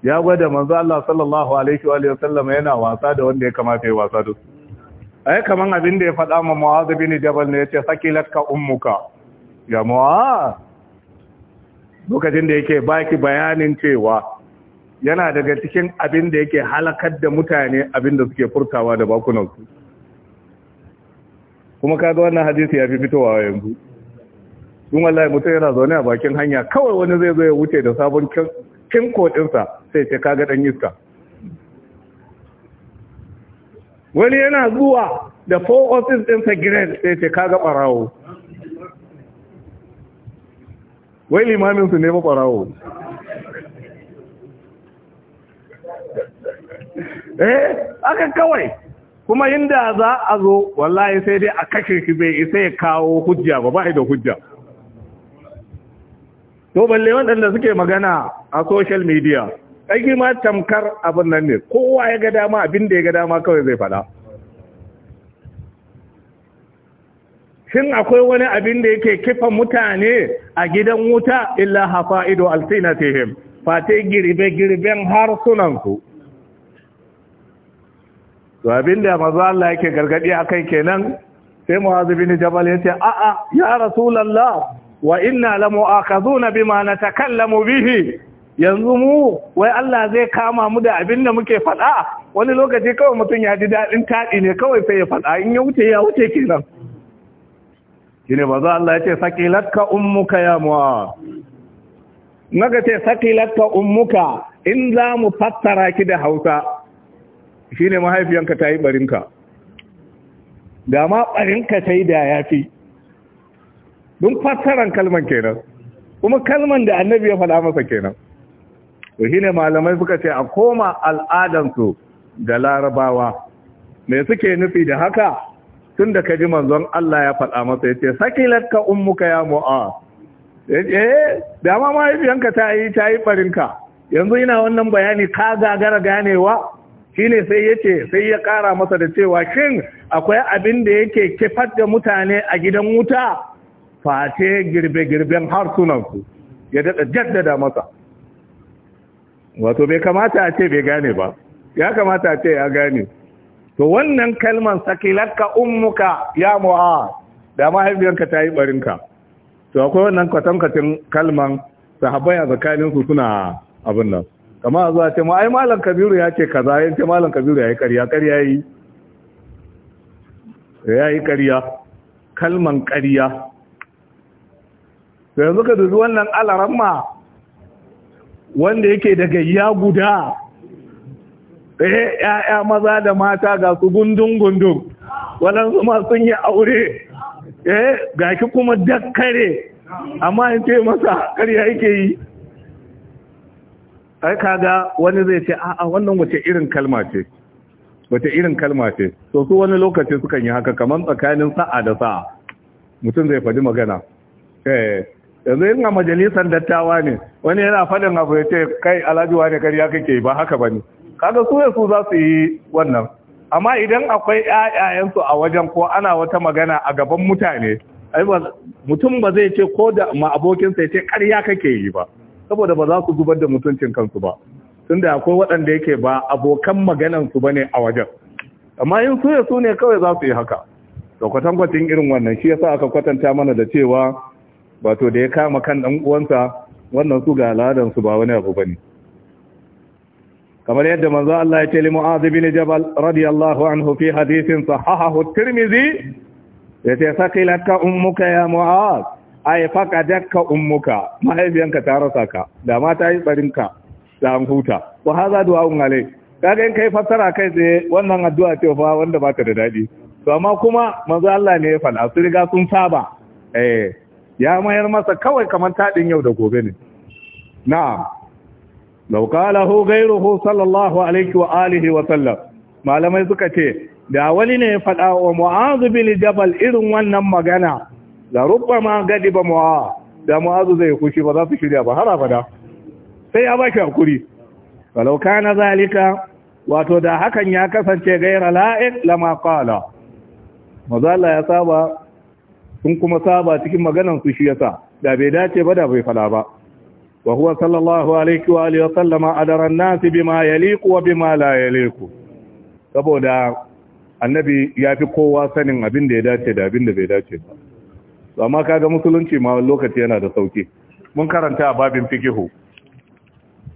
ya gwada manzo Allah sallallahu alaihi wa sallam yana wasa da wanda ya kamata ya wasa da su ai kaman abin da ya faɗa ma Mu'adh bin Jabal ne yace sakilat ka ummuka ya Mu'adh lokacin da yake baki bayanin cewa yana daga cikin abin da yake halakar da mutane abin da suke furtawa da su kuma kaga wannan hadisi ya fi fitowa yanzu Tun wallahi mutum yana zaune a bakin hanya kawai wani zai zo ya wuce da sabon kin kodinsa sai ce kaga dan iska wani yana zuwa da four office dinsa giren sai ce kaga ɓarawo wai limaminsu ne ɓarawo eh aka kawai kuma inda za a zo wallahi sai dai a kashe shi bai isa ya kawo hujja ba ba da hujja to balle waɗanda suke magana a social media aiki ma tamkar abin nan ne kowa ya ga dama abin da ya ga dama kawai zai fada shin akwai wani abin da yake kifa mutane a gidan wuta illa hafa'idu alsinatihim fate girbe-girben harsunansu to abin da maza Allah yake gargadi akai kenan sai muhazu bin jabal yace a'a ya rasulullah wa inna la mu'akhazuna bima natakallamu bihi yanzu mu wai Allah zai kama mu da abin da muke faɗa wani lokaci kawai mutum ya ji daɗin taɗi ne kawai sai ya faɗa in ya wuce ya wuce kenan shine manzo Allah ya ce saqilatka ummuka ya mu'a naga ce saqilatka ummuka in za mu fassara ki da Hausa shine mahaifiyanka ta yi barinka da ma barinka sai da yafi don fassaran kalman kenan kuma kalman da annabi ya faɗa masa kenan to shine malamai suka ce a koma al'adansu da larabawa me suke nufi da haka tun da ka manzon Allah ya faɗa masa yace sakilatka ummuka ya mu'a eh dama mahaifiyanka ta yi ta yi yanzu ina wannan bayani ka ga gara ganewa shine sai yace sai ya kara masa da cewa shin akwai abin da yake kifar da mutane a gidan wuta face girbe-girben harsunansu ya daɗa jaddada masa wato bai kamata a ce bai gane ba ya kamata a ce ya gane to wannan kalman sakilarka ummuka ya mu'a da mahaifiyarka ta yi barinka to akwai wannan kwatankwacin kalman sahabbai a tsakaninsu suna abin nan kama a zuwa ce ma ai malam kabiru ya ce kaza ya ce malam kabiru ya yi karya karya yi ya yi karya kalman karya yanzu ka dubi wannan alaramma wanda yake da gayya guda eh ya'ya maza da mata ga su gundun gundun waɗansu sun yi aure eh ga ki kuma dakkare amma in ce masa ya yake yi ai kaga wani zai ce a'a wannan wace irin kalma ce wace irin kalma ce so su wani lokaci sukan yi haka kamar tsakanin sa'a da sa'a mutum zai faɗi magana eh yanzu yin a majalisar dattawa ne wani yana faɗin abu ya ce kai alajuwa ne karya kake ba haka ba ne kaga su ya su za su yi wannan amma idan akwai ƴaƴayensu a wajen ko ana wata magana a gaban mutane mutum ba zai ce ko da ma abokinsa ya ce karya kake yi ba saboda ba za su zubar da mutuncin kansu ba tunda akwai waɗanda yake ba abokan maganansu ba ne a wajen amma yin su su ne kawai za su yi haka to kwatankwacin irin wannan shi yasa aka kwatanta mana da cewa wato da ya kama kan ɗan uwansa wannan su ga al'adansu ba wani abu bane kamar yadda manzo Allah ya ce li Mu'adh bin Jabal radiyallahu anhu fi hadithin sahahahu at-Tirmidhi yace sakilaka ummuka ya Mu'adh ay faqadaka ummuka mahaifiyanka ta rasa ka da ma ta yi tsarinka da an huta wa hadha un alai kaga in kai fassara kai tsaye wannan addu'a ce fa wanda ba ta da daɗi. to amma kuma manzo Allah ne ya faɗa su riga sun saba eh ya mayar masa kawai kamar taɗin yau da gobe ne na'am law gairu sallallahu alaihi wa alihi wa sallam malamai suka ce da wani ne ya faɗa wa mu'azu bin jabal irin wannan magana da ma gadi ba mu'a da mu'azu zai kushi ba za su shirya ba har abada sai ya baki hakuri lauka kana zalika wato da hakan ya kasance gaira la'ik lama qala mazalla ya saba sun kuma saba cikin maganan su shi yasa da bai dace ba da bai fada ba wa huwa sallallahu alaihi wa alihi wa sallama adaran nas bima yaliqu wa bima la yaliqu saboda annabi ya fi kowa sanin abin da ya dace da abin da bai dace ba amma kaga musulunci ma lokaci yana da sauki mun karanta a babin fikihu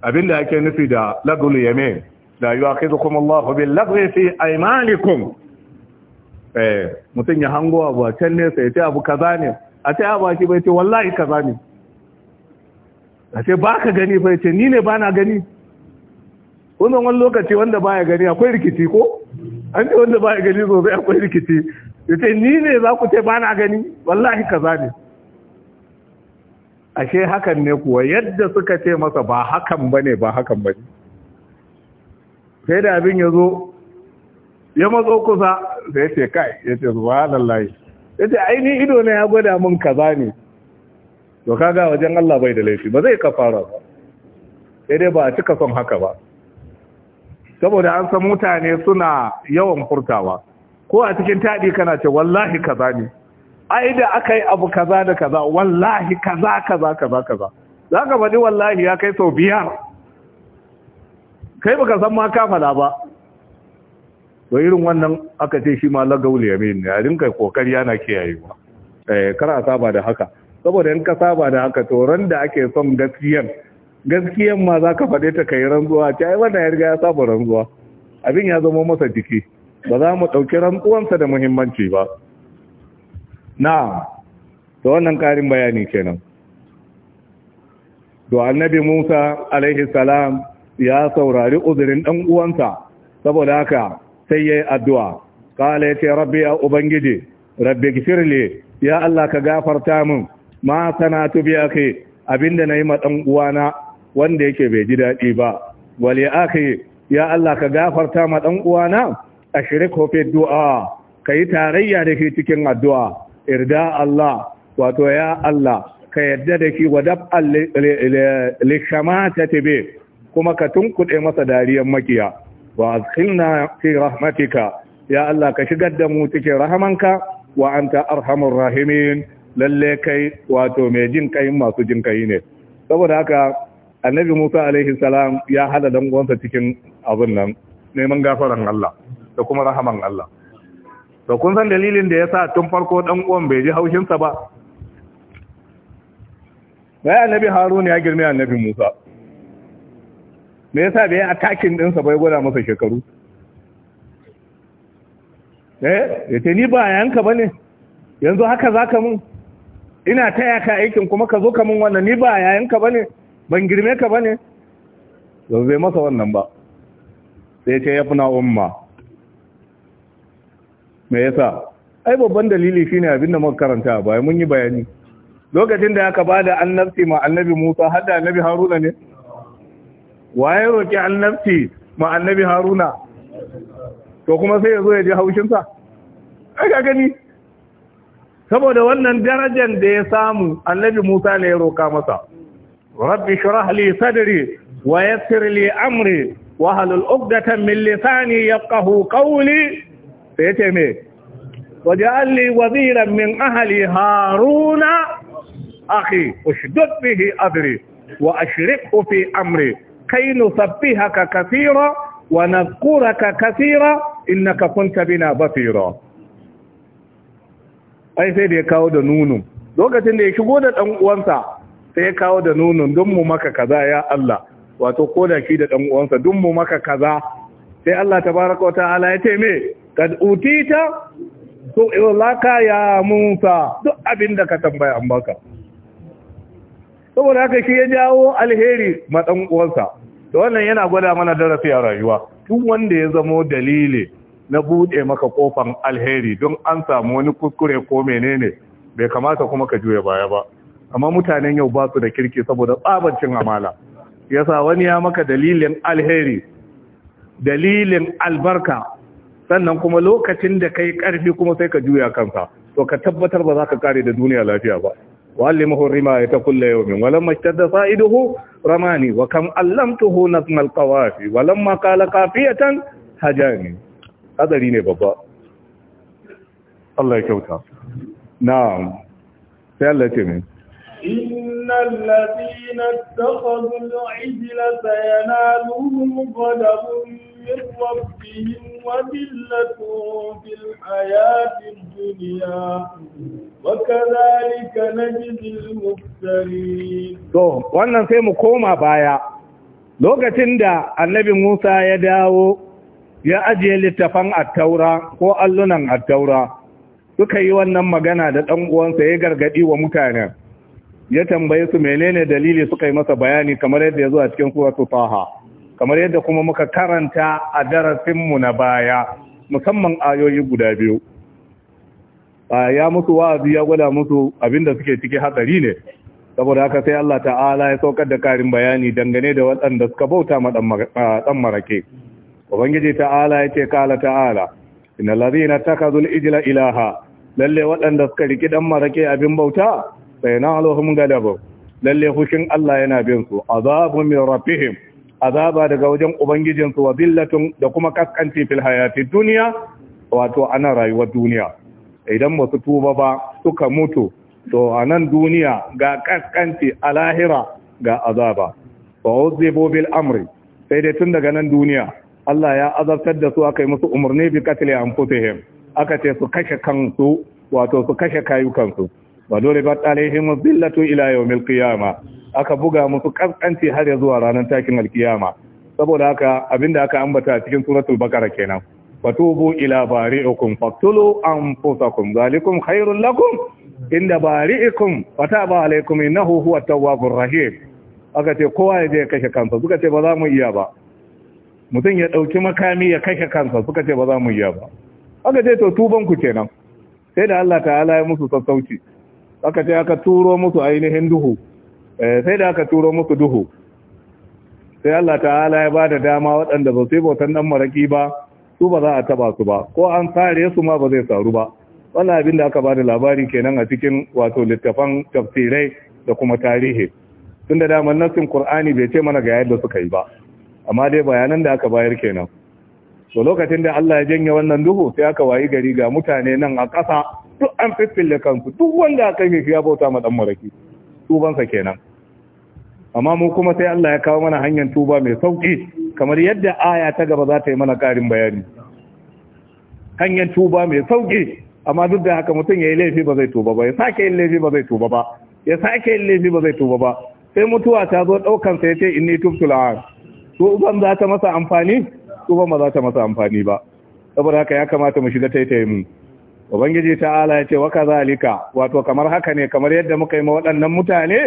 abin da ake nufi da lagul yamin da yu'akhidhukum Allahu bil lagwi fi aymanikum Eh, mutum ya hango abu a can nesa ya ce abu kaza ne a ce abu ake bai ce wallahi kaza ne a ce ba ka gani bai ce ni ne ba na gani wanda wani lokaci wanda ba ya gani akwai rikici ko an ce wanda ba ya gani sosai akwai rikici ya ce ni ne za ku ce ba na gani wallahi kaza ne ashe hakan ne kuwa yadda suka ce masa ba hakan ba ne ba hakan ba ne sai da abin ya zo ya matso kusa sai yace kai yace subhanallahi yace ai ni ido na ya gwada mun kaza ne to kaga wajen Allah bai da laifi ba zai kafara ba sai dai ba a cika son haka ba saboda an san mutane suna yawan furtawa ko a cikin taɗi kana ce wallahi kaza ne ai da aka yi abu kaza da kaza wallahi kaza kaza kaza kaza za ka faɗi wallahi ya kai sau biya?" kai baka san ma ka ba to irin wannan aka ce shi ma lagawul yamin ne a rinka kokari yana kiyayewa eh kar a saba da haka saboda in ka saba da haka to ran da ake son gaskiyan gaskiyan ma za ka fade ta kai ranzuwa ta ai wannan ya riga ya saba ranzuwa abin ya zama masa jiki ba za mu dauki rantsuwansa da muhimmanci ba Na, to wannan karin bayani kenan to annabi Musa alaihi salam ya saurari uzurin dan uwansa saboda haka sai ya yi addu'a ya ce rabbi a ubangiji rabbi gifirli ya Allah ka gafarta min ma sanatu bi akhi abinda nayi ma dan uwana wanda yake bai ji daɗi ba wali ake ya Allah ka gafarta ma dan uwana ashriku fi du'a yi tarayya da ke cikin addu'a irda Allah wato ya Allah ka yadda da ke wadab al kuma ka tunkuɗe masa dariyar makiya wa adkhilna fi rahmatika ya Allah ka shigar da mu cikin rahamanka wa anta arhamur rahimin lalle kai wato mai jin kai masu jin kai ne saboda haka annabi Musa alaihi salam ya hada dan uwansa cikin abin nan neman gafaran Allah da kuma rahaman Allah to kun san dalilin da yasa tun farko dan uwan bai ji haushinsa ba bai annabi Harun ya girme annabi Musa me yasa ya attacking ɗinsa bai gwada masa shekaru eh ya ce ni ba yanka ba ne yanzu haka za ka mun ina taya ka aikin kuma ka zo ka mun wannan ni ba yayanka ba ne ban girme ka ba ne yanzu bai masa wannan ba sai ce ya fi na umma me yasa ai babban dalili shine abinda muka karanta bayan mun yi bayani lokacin da aka bada annabci ma annabi Musa har annabi Haruna ne waye roki annabci ma annabi haruna to kuma sai ya zo ya ji haushinsa aka gani saboda wannan darajar da ya samu annabi musa ne ya roka masa rabbi shirah li sadri wa yassir li amri wa halul uqdatan min lisani yafqahu qawli sai ya ce me waj'al li waziran min ahli haruna akhi ushdud bihi adri wa ashrikhu fi amri kai nusabbihaka kathira wa nadhkuraka kathira innaka kunta bina basira ai sai da ya kawo da nunu lokacin da ya shigo da dan uwansa sai ya kawo da nunun dun mu maka kaza ya Allah wato ko da shi da dan uwansa dun mu maka kaza sai Allah tabaraka wa ta'ala ya ce me kad utita to ilaka ya Musa duk abin da ka tambaya an baka saboda haka shi ya jawo alheri ma dan uwansa da wannan yana gwada mana darasi a rayuwa tun wanda ya zamo dalili na buɗe maka kofan alheri don an samu wani kuskure ko menene bai kamata kuma ka juya baya ba amma mutanen yau ba su da kirki saboda tsabancin amala yasa wani ya maka dalilin alheri dalilin albarka sannan kuma lokacin da kai ƙarfi kuma sai ka juya kansa to ka tabbatar ba za ka kare da duniya lafiya ba وعلمه الرماية كل يوم ولما اشتد صائده رماني وكم علمته نظم القوافي ولما قال قافية هجاني هذا ديني بابا الله يكوتا نعم سألتي من إن الذين اتخذوا العجل سينالهم غضب من ربهم وذلة في الحياة الدنيا وكذلك نجد المفترين to wannan sai mu koma baya lokacin da annabi Musa ya dawo ya ajiye littafan attaura ko allunan attaura suka yi wannan magana da ɗan uwansa ya gargadi wa mutane, ya tambaye su menene dalili suka yi masa bayani kamar yadda ya zo a cikin suratul Taha kamar yadda kuma muka karanta a darasinmu na baya musamman ayoyi guda biyu ya musu wa'azi ya gwada musu abinda suke ciki hatsari ne saboda haka sai Allah ta'ala ya saukar da karin bayani dangane da waɗanda suka bauta ma ɗan marake ubangiji ta'ala ya ce kala ta'ala inna taka takazul ijla ilaha lalle waɗanda suka riki ɗan marake abin bauta sai na alohum gadabu lalle hushin Allah yana bin su azabun min rabbihim azaba daga wajen ubangijinsu wa zillatun da kuma kaskanci fil hayati duniya wato ana rayuwar duniya idan ba su tuba ba suka mutu to a nan duniya ga kaskanci a lahira ga azaba wa uzzibu bil amri sai dai tun daga nan duniya Allah ya azabtar da su aka yi musu umarni bi qatli anfusihim aka ce su kashe kansu wato su kashe kayukansu wa duribat alaihim dhillatu ila yawmil qiyama aka buga musu kaskanci har ya zuwa ranar takin alkiyama saboda haka abinda aka ambata cikin suratul bakara kenan fatubu ila bari'ikum faqtulu anfusakum zalikum khairul lakum inda bari'ikum fataba alaikum innahu huwa tawwabur rahim aka ce kowa ya je ya kashe kansa suka ce ba za mu iya ba mutum ya ɗauki makami ya kashe kansa suka ce ba za mu iya ba aka ce to tuban ku kenan sai da Allah ta'ala ya musu sassauci aka ce aka turo musu ainihin duhu eh, sai da aka turo musu duhu sai Allah ta'ala ya bada dama waɗanda ba su yi bautan ɗan maraƙi ba su ba za a taba su ba ko an tsare su ma ba zai saru ba wannan abin da aka ba da labari kenan a cikin wato littafan tafsirai da kuma tarihi tun da damar nassin Kur'ani bai ce mana ga yadda suka yi ba amma dai bayanan da aka bayar kenan to lokacin da Allah ya janye wannan duhu sai aka wayi gari ga mutane nan a ƙasa duk an fiffille kanku duk wanda aka yi ya bauta ma dan maraki tubansa kenan amma mu kuma sai Allah ya kawo mana hanyar tuba mai sauki kamar yadda aya ta gaba za ta yi mana karin bayani hanyar tuba mai sauki amma duk da haka mutum ya yi laifi ba zai tuba ba ya sake yin laifi ba zai tuba ba ya sake yin laifi ba zai tuba ba sai mutuwa ta zo daukan sa yace inni tubtu la'an tuban za ta masa amfani tuban ba za ta masa amfani ba saboda haka ya kamata mu shiga taitaye mu ubangiji ta'ala ya ce wa kazalika wato kamar haka ne kamar yadda muka yi waɗannan mutane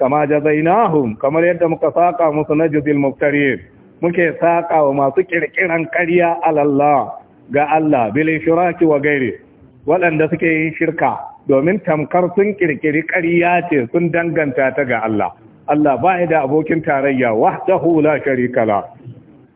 kama jazainahum kamar yadda muka saka musu Jizil muftarin muke saka wa masu kirkiran ƙarya alallah ga Allah bil shiraki wa gairi waɗanda suke yin shirka domin tamkar sun kirkiri ƙarya ce sun danganta ta ga Allah Allah ba da abokin tarayya wahdahu la sharika la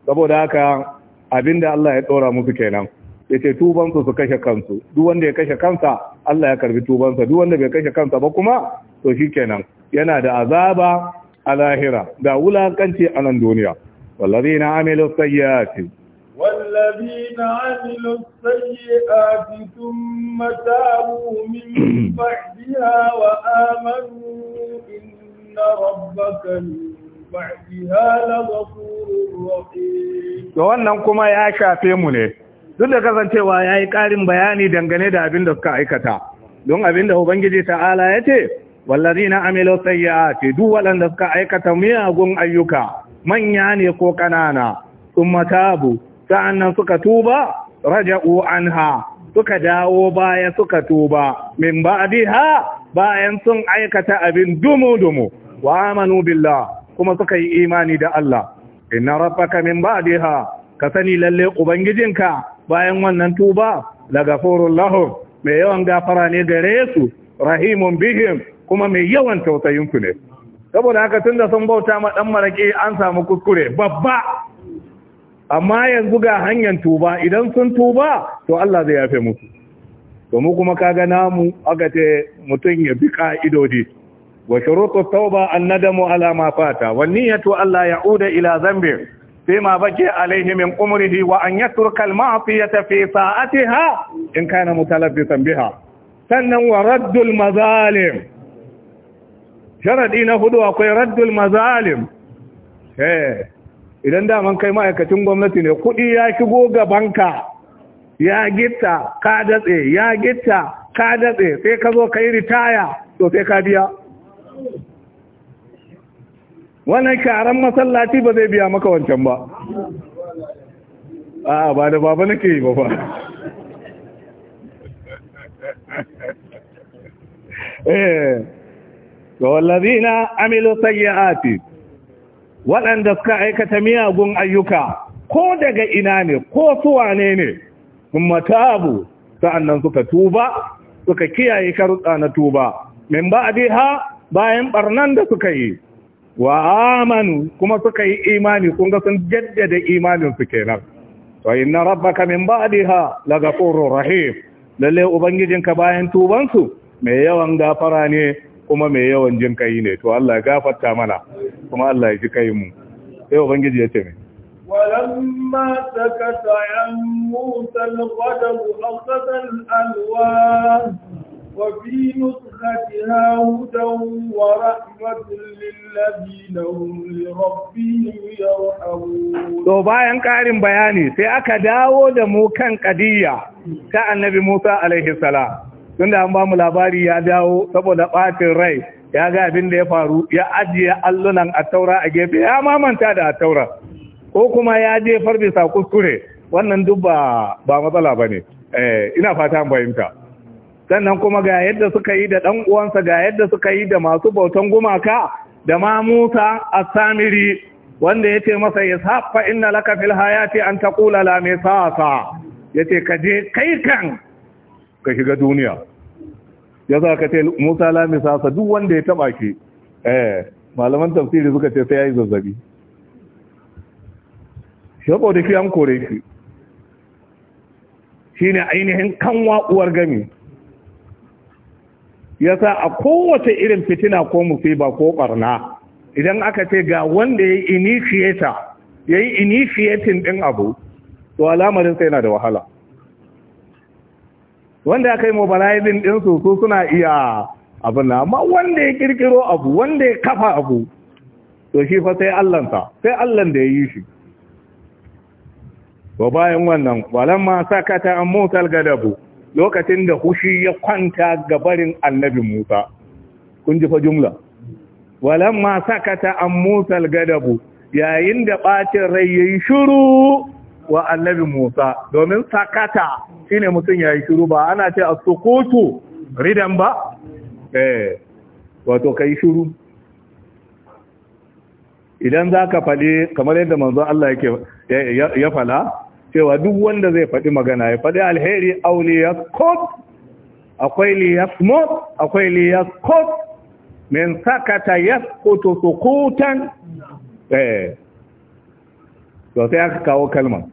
saboda haka abinda Allah ya tsora musu kenan ya ce tubansu su kashe kansu duk wanda ya kashe kansa Allah ya karbi tubansa duk wanda bai kashe kansa ba kuma to shikenan yana da azaba a lahira da wulakanci a nan duniya wallazina amilu sayyati والذين عملوا السيئات ثم تابوا من بعدها وآمنوا إن ربك من بعدها wannan kuma ya shafe mu ne. duk da kasancewa ya yi ƙarin bayani dangane da abin da suka aikata don abin da ubangiji ta'ala ya ce wallazi na amilo sayya ce duk waɗanda suka aikata miyagun ayyuka manya ne ko ƙanana sun matabu sa'annan suka tuba raja'u anha suka dawo baya suka tuba min ba'diha bayan sun aikata abin dumu-dumu wa amanu billah kuma suka yi imani da Allah inna rabbaka min ba'diha ka sani lalle ubangijinka bayan wannan tuba la gafurun lahum mai yawan gafara ne gare su rahimun bihim kuma mai yawan tausayin ne saboda haka tun da sun bauta ma ɗan maraƙi, an samu kuskure babba amma yanzu ga hanyar tuba idan sun tuba to Allah zai yafe musu to mu kuma kaga namu aka ce mutum ya bi ka'idodi wa shurutu tauba annadamu ala ma fata wa Allah alla ya'uda ila dhanbi bima baki alaihi min umrihi wa an yatruka al-ma'siyata fi sa'atiha in kana mutalabbisan biha sannan wa raddul mazalim sharadi na hudu akwai raddul mazalim eh idan daman kai ma'aikacin gwamnati ne kuɗi ya shigo banka, ya gita ka datse ya gita ka datse sai ka zo kai ritaya to sai ka biya wannan sharan masallaci ba zai biya maka wancan ba a ba da baba nake yi ba ba *laughs* eh ga wallazina amilu sayyi'ati waɗanda suka aikata miyagun ayyuka ko daga ina ne ko suwa ne ne matabu sa'annan suka tuba suka kiyaye karuta na tuba min ha bayan barnan da suka yi wa amanu kuma suka yi imani kun ga sun jaddada imaninsu kenan To inna rabbaka min ba'daha lagafurur rahim lalle ubangijinka bayan tubansu mai yawan gafara ne kuma mai yawan jin kai ne to Allah ya gafarta mana kuma Allah ya ji kai mu sai ubangiji ya ce mai ولما سكت عن موسى الغضب وفي نسختها هدى ورحمة للذين هم لربهم يرحمون to bayan ƙarin bayani sai aka dawo da mu kan ƙadiyya ta annabi Musa alaihi salam an ba mu labari ya dawo saboda ɓacin rai ya ga abin da ya faru ya ajiye allunan attaura a gefe ya mamanta da attaura ko kuma ya je farbe sa kuskure wannan duk ba matsala ba ne eh, ina fata fahimta sannan kuma ga yadda suka yi da ɗan uwansa ga yadda suka yi da masu bautan gumaka da ma Musa asamiri wanda yace masa ishaq fa inna laka fil hayati an taqula la misasa yace ka je kai kan ka shiga duniya Ya za ka ce Musa la misasa duk wanda ya taba ki eh malaman tafsiri suka ce sai yayi zazzabi saboda shi an kore shi shine ainihin kanwa uwar gami yasa a kowace irin fitina ko musiba ko barna idan aka ce ga wanda ya yi initiator ya yi initiating ɗin abu to alamarin sai na da wahala wanda aka yi mobilizing din su suna iya abin na amma wanda ya kirkiro abu wanda ya kafa abu to shi fa sai allansa sai allan da ya yi shi ba bayan wannan walamma sakata an gadabu lokacin da hushi ya kwanta gabarin annabi Musa kun ji fa jumla ma sakata an Musa al-gadabu yayin da ɓacin rai yayi shiru wa annabi Musa domin sakata shine mutum yayi shiru ba ana ce a sukutu ridan ba eh wato kai shiru idan zaka fade kamar yadda manzo Allah ya fala cewa duk wanda zai faɗi magana ya faɗi alheri auliyakot akwai liyasmot akwai liyakot min sakata yaskutu sukutan eh to sai aka kawo kalmar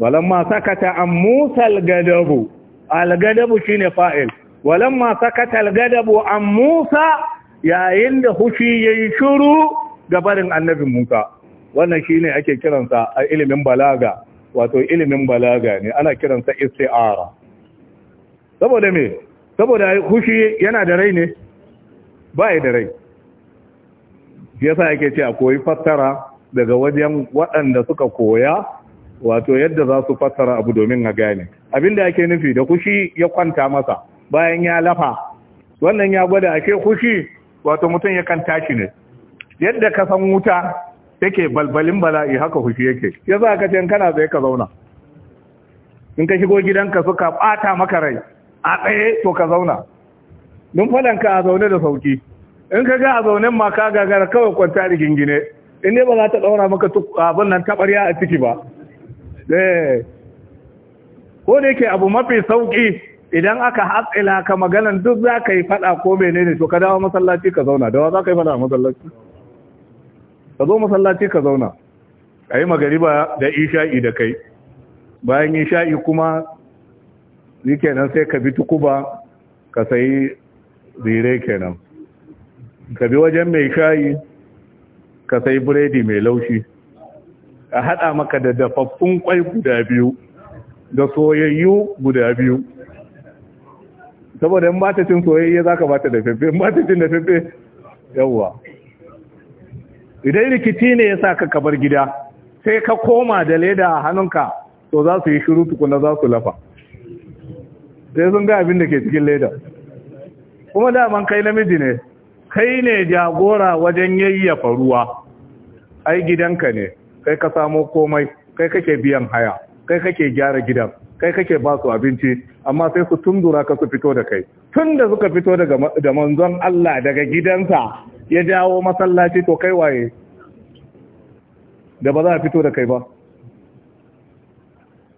walamma sakata an musal gadabu algadabu shine fa'il walamma sakata algadabu an musa yayin da hushi yayi shiru gabarin annabin musa wannan shine ake kiransa a ilimin balaga wato ilimin balaga ne ana kiransa isti'ara saboda me saboda hushi yana da rai ne ba ya da rai yasa yake ce a koyi fassara daga wajen waɗanda suka koya wato yadda za su fassara abu domin a gane abinda ake nufi da kushi ya kwanta masa bayan ya lafa wannan ya gwada ake kushi wato mutum ya kan tashi ne yadda ka san wuta yake balbalin bala'i haka hushi yake ya za ka ce kana zai ka zauna in ka shigo gidanka suka bata maka rai a tsaye to ka zauna don ka a zaune da sauki in ka ga a zaunen ma ka gagara kawai kwanta da gingine in ne ba za ta daura maka abin nan tabariya a ciki ba eh. ko da yake abu mafi sauki idan aka hatsila ka maganan duk za ka yi fada ko menene to ka dawo masallaci ka zauna da wa za ka yi fada masallaci ka zo masallaci ka zauna a yi magariba da isha'i da kai bayan isha'i kuma yi kenan sai ka bi tukuba ka sayi zire kenan ka bi wajen mai shayi ka sayi biredi mai laushi a haɗa maka da dafaffun kwai guda biyu da soyayyu guda biyu saboda in ba soyayya za ka ba ta dafaffe in ba ta dafaffe yawwa idan rikici ne ya sa ka kabar gida sai ka koma da leda a hannunka to za su yi shiru tukuna za su lafa sai sun ga abin da ke cikin leda kuma daman kai namiji ne kai ne jagora wajen yayyafa ruwa ai gidanka ne kai ka samo komai kai kake biyan haya kai kake gyara gidan kai kake ba su abinci amma sai su tundura ka su fito da kai tun da suka fito da manzon Allah daga gidansa ya jawo masallaci to kai waye da ba za a fito da kai ba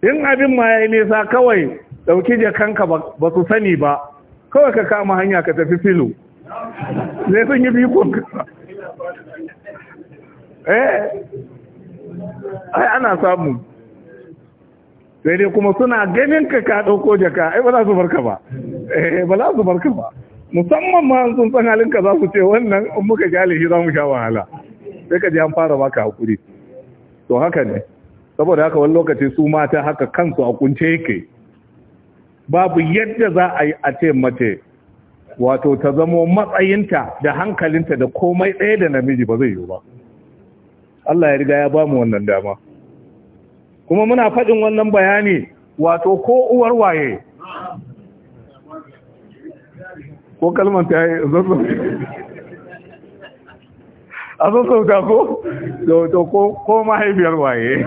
in abin ma ya yi nisa kawai ɗauki jakanka ba su sani ba kawai ka kama hanya ka tafi filo zai sun yi bikon eh ai ana samu sai dai kuma suna ganin ka ka ɗauko jaka ai ba za su barka ba eh ba za su barka ba musamman ma sun san halin ka za su ce wannan in muka ga alihi za mu sha wahala sai ka ji an fara baka hakuri to haka ne saboda haka wani lokaci su mata haka kansu a kunce yake babu yadda za a yi a ce mace wato ta zamo matsayinta da hankalinta da komai ɗaya da namiji ba zai yiwu ba Allah ya riga ya bamu wannan dama kuma muna faɗin wannan bayani wato ko uwar waye ko kalmar ta yi a sassauta ko da ko mahaifiyar waye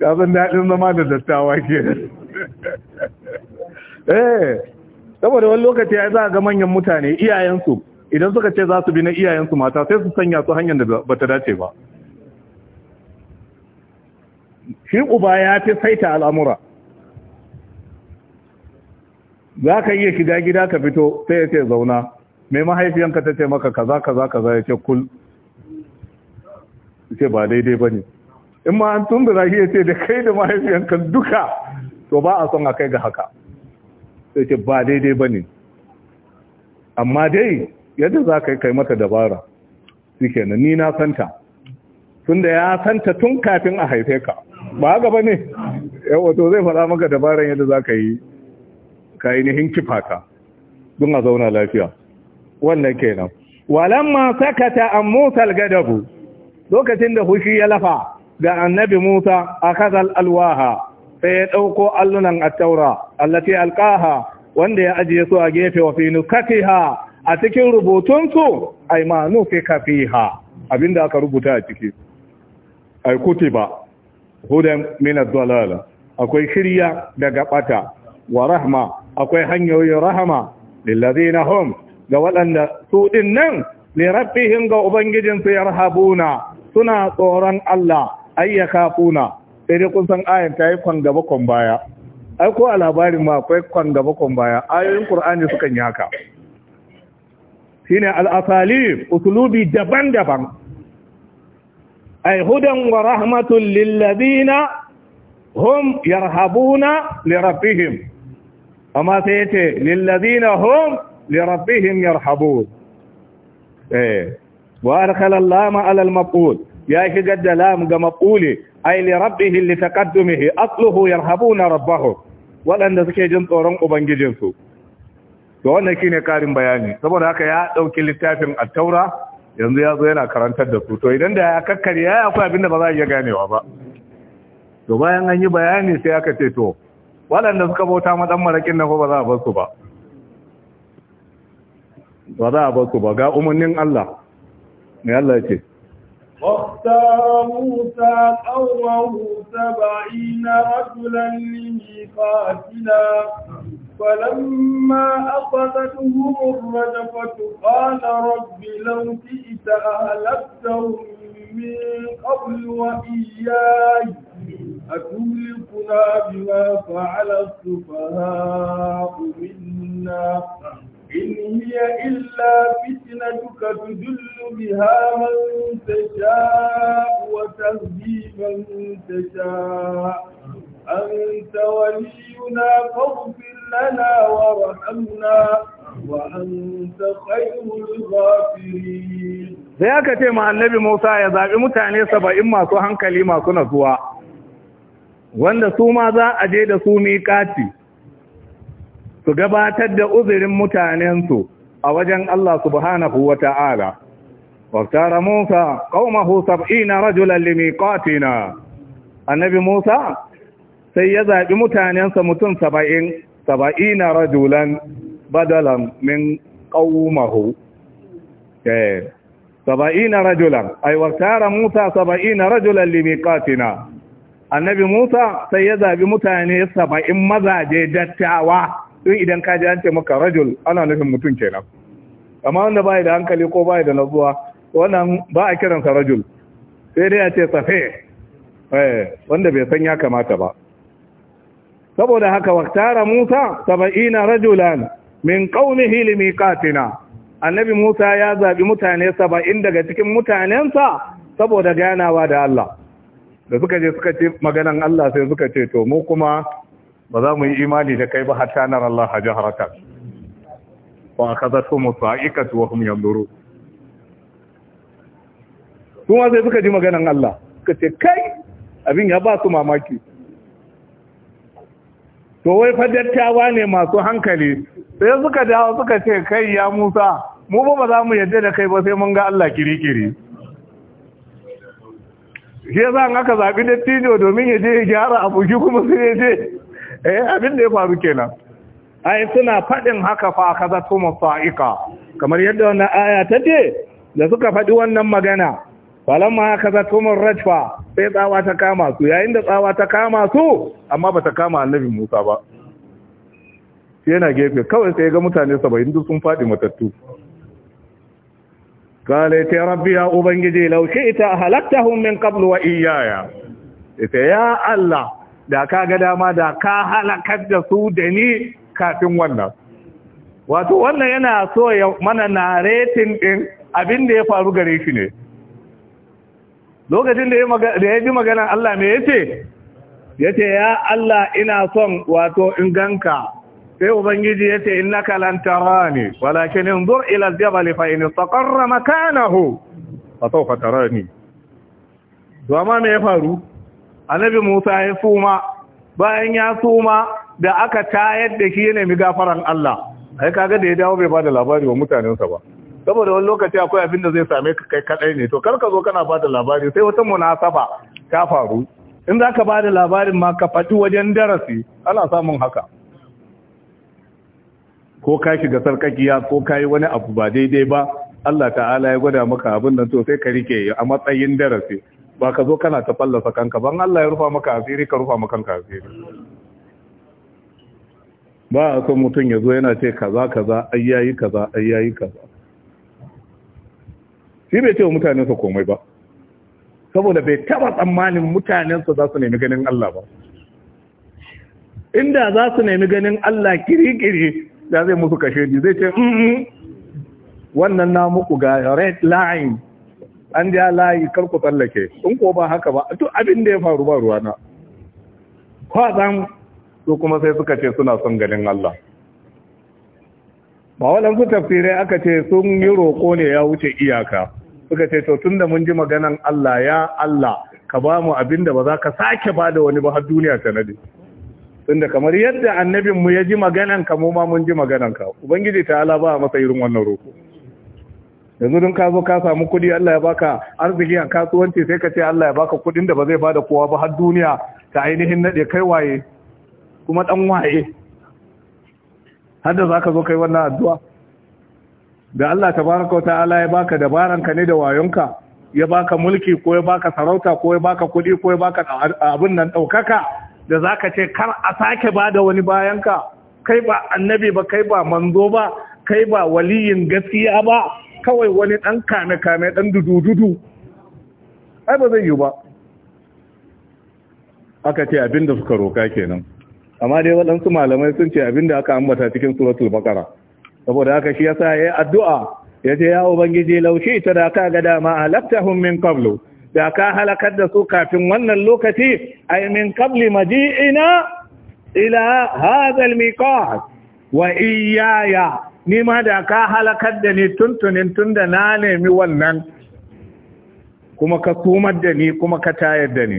ta san daɗin zama da dattawa ke eh saboda wani lokaci ya za ga manyan mutane iyayensu idan suka ce za su bi na iyayensu mata sai su sanya su hanyar da bata dace ba shi uba ya fi saita al'amura za ka iya shiga gida ka fito sai ya ce zauna mai mahaifiyanka ta ce maka kaza kaza kaza ya ce kul ce ba daidai ba ne in ma an tun da za ya ce da kai da mahaifiyanka duka to ba a son a kai ga haka sai ce ba daidai ba ne amma dai yadda za ka yi kai mata dabara shi kenan ni na santa tun da ya santa tun kafin a haife ka ba haka ba ne yawa zai faɗa maka dabaran yadda za ka yi ka yi nihin ka don a zauna lafiya wannan kenan walamma sakata an musa lokacin da hushi ya lafa ga annabi musa a kazal alwaha sai ya ɗauko allunan attaura allati Alkaha. wanda ya ajiye su a gefe wa fi ha. a cikin rubutunsu yi ma nufi ha. abinda aka rubuta a ciki kuti ba. hudan min ad-dalala akwai shirya daga bata wa rahma akwai hanyoyin rahama lillazina hum ga waɗanda su din nan li rabbihim ga ubangijin su yarhabuna suna tsoron Allah ayyakafuna sai dai kun san ayan ta yi kwan gaba kwan baya ai ko a labarin ma akwai kwan gaba kwan baya ayoyin qur'ani sukan yi haka shine al-asalib usulubi daban-daban أي هدى ورحمة للذين هم يرهبون لربهم وما سيتي للذين هم لربهم يرهبون إيه وأدخل اللام على المقول يا أخي قد لام قمقولي أي لربه لتقدمه أصله يرهبون ربهم ولن suke jin tsoron بنج to wannan shine karin bayani saboda haka ya ɗauki littafin attaura yanzu ya zo yana karantar da su to idan da ya kakkari ya akwai abinda ba za a iya ganewa ba to bayan an yi bayani sai aka ce to waɗanda suka bauta maɗan marakin nan ba za a basu ba ba za a basu ba ga umarnin Allah mai Allah ce واختار موسى قومه سبعين رجلا لميقاتنا فلما أخذتهم الرجفة قال رب لو جئت أهلكتهم من قبل وإياي أتهلكنا بما فعل السفهاء منا إن هي إلا فتنتك تدل بها من تشاء وتهدي من تشاء أنت ولينا فاغفر لنا وارحمنا وأنت خير الغافرين sai aka ce ma annabi Musa ya zaɓi mutane saba'in masu hankali masu natsuwa wanda su ma za a je da su miƙati su gabatar da uzurin mutanensu a wajen Allah subhanahu wa ta'ala. Waktara Musa, ƙaumahu sab'ina rajulan limiƙatina, annabi Musa sai ya zaɓi mutanensa mutum saba'in saba'ina rajulan badalan min qaumahu eh saba'ina rajulan ay tara Musa saba'ina rajulan limiqatina annabi Musa sai ya zabi mutane saba'in mazaje dattawa don idan ka ji an ce maka rajul ana nufin mutum kenan amma wanda bai da hankali ko bai da nazuwa wannan ba a kiransa rajul sai dai a ce safe wanda bai san ya kamata ba saboda haka waktara Musa saba'ina rajulan min qaumihi limiqatina annabi Musa ya zabi mutane saba'in daga cikin mutanensa saboda ganawa da Allah da suka je suka ce maganan Allah sai suka ce to mu kuma ba za mu yi imani da kai ba hatta nan Allah haraka wa akhadathu musa'ikatu wa hum yanduru kuma sai suka ji maganan Allah suka ce kai abin ya ba su mamaki to wai fa dattawa ne masu hankali sai suka dawo suka ce kai ya Musa mu ba za mu yadda da kai ba sai mun ga Allah kirikiri shi yasa an aka zabi dattijo domin ya je ya gyara abu shi kuma sai ya je eh abin da ya faru kenan ai suna faɗin haka fa kaza to masa'ika kamar yadda wannan aya ta ce da suka faɗi wannan magana falamma haka za tumar rajfa sai tsawa ta kama su yayin da tsawa ta kama su amma ba ta kama annabi musa ba yana gefe kawai sai ga mutane saba'in duk sun faɗi matattu kala ta rabbi ya ubangiji laushe ita halaktahun min qablu wa iyaya ita ya Allah da ka ga dama da ka halakar da su da ni kafin wannan wato wannan yana so ya mana naretin din abin da ya faru gare shi ne lokacin da ya ji maganan Allah me yace yace ya Allah ina son wato in ganka sai ubangiji yace innaka lan tarani walakin inzur ila al-jabal fa in istaqarra makanahu fa tarani to amma me ya faru annabi Musa ya suma bayan ya suma da aka tayar da shi ne mi gafaran Allah ai kaga da ya dawo bai ba da labari wa mutanensa ba saboda wani lokaci akwai abin da zai same ka kai kadai ne to kar ka zo kana ba da labari sai wata munasaba ta faru in za ka ba da labarin ma ka faɗi wajen darasi ana samun haka ko ka shiga sarkakiya ko ka yi wani abu ba daidai ba Allah ta'ala ya gwada maka abin nan to sai ka rike a matsayin darasi ba ka zo kana ta fallasa kanka ban Allah ya rufa maka asiri ka rufa maka asiri ba a son mutum ya zo yana ce kaza kaza ayyayi kaza ayyayi kaza shi bai ce wa mutanensa komai ba saboda bai taba tsammanin mutanensa za su nemi ganin Allah ba inda za su nemi ganin Allah kirikiri da zai musu kashe ji zai ce wannan na muku ga red line an ja layi karku tsallake in ko ba haka ba to abin da ya faru ba ruwa na kwazan su kuma sai suka ce suna son ganin Allah ba waɗansu tafsirai aka ce sun yi roƙo ne ya wuce iyaka suka ce to tunda mun ji maganan Allah ya Allah ka ba mu abinda ba za ka sake ba da wani ba har duniya ta nade tunda kamar yadda annabin mu ya ji maganan ka mu ma mun ji maganan ka ubangiji ta ala ba masa irin wannan roko yanzu dun ka zo ka samu kudi Allah ya baka arziki a kasuwanci sai ka ce Allah ya baka kudin da ba zai bada kowa ba har duniya ta ainihin nade kai waye kuma dan waye har da zaka zo kai wannan addu'a da Allah tabaraka wa ta'ala ya baka dabaranka ne da wayonka ya baka mulki ko ya baka sarauta ko ya baka kuɗi ko ya baka abin nan ɗaukaka da zaka ce kar a sake bada da wani bayanka kai ba annabi ba kai ba manzo ba kai ba waliyin gaskiya ba kawai wani ɗan kame kame ɗan dududu ai ba zai yi ba aka ce abinda suka roka kenan amma dai waɗansu malamai sun ce abin da aka ambata cikin suratul baqara saboda haka shi yasa yayi addu'a yace ya ubangiji laushi ta da ka ga dama halaktahum min qablu da ka halakar da su kafin wannan lokaci ay min qabli maji'ina ila hadha almiqat wa iyaya ni ma da ka halakar da ni tuntunin tunda na nemi wannan kuma ka tumar da ni kuma ka tayar da ni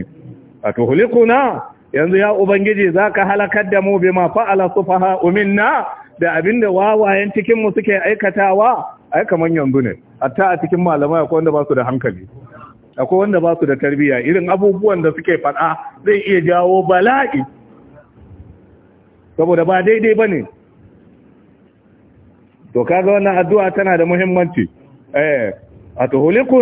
atuhlikuna yanzu ya ubangiji zaka halakar da mu bima fa'ala sufaha minna da abinda da wawayen cikinmu suke aikatawa ai kamar yanzu ne hatta a cikin malamai akwai wanda ba su da hankali akwai wanda ba su da tarbiyya irin abubuwan da suke faɗa zai iya jawo bala'i saboda ba daidai ba ne to kaga wannan addu'a tana da muhimmanci eh a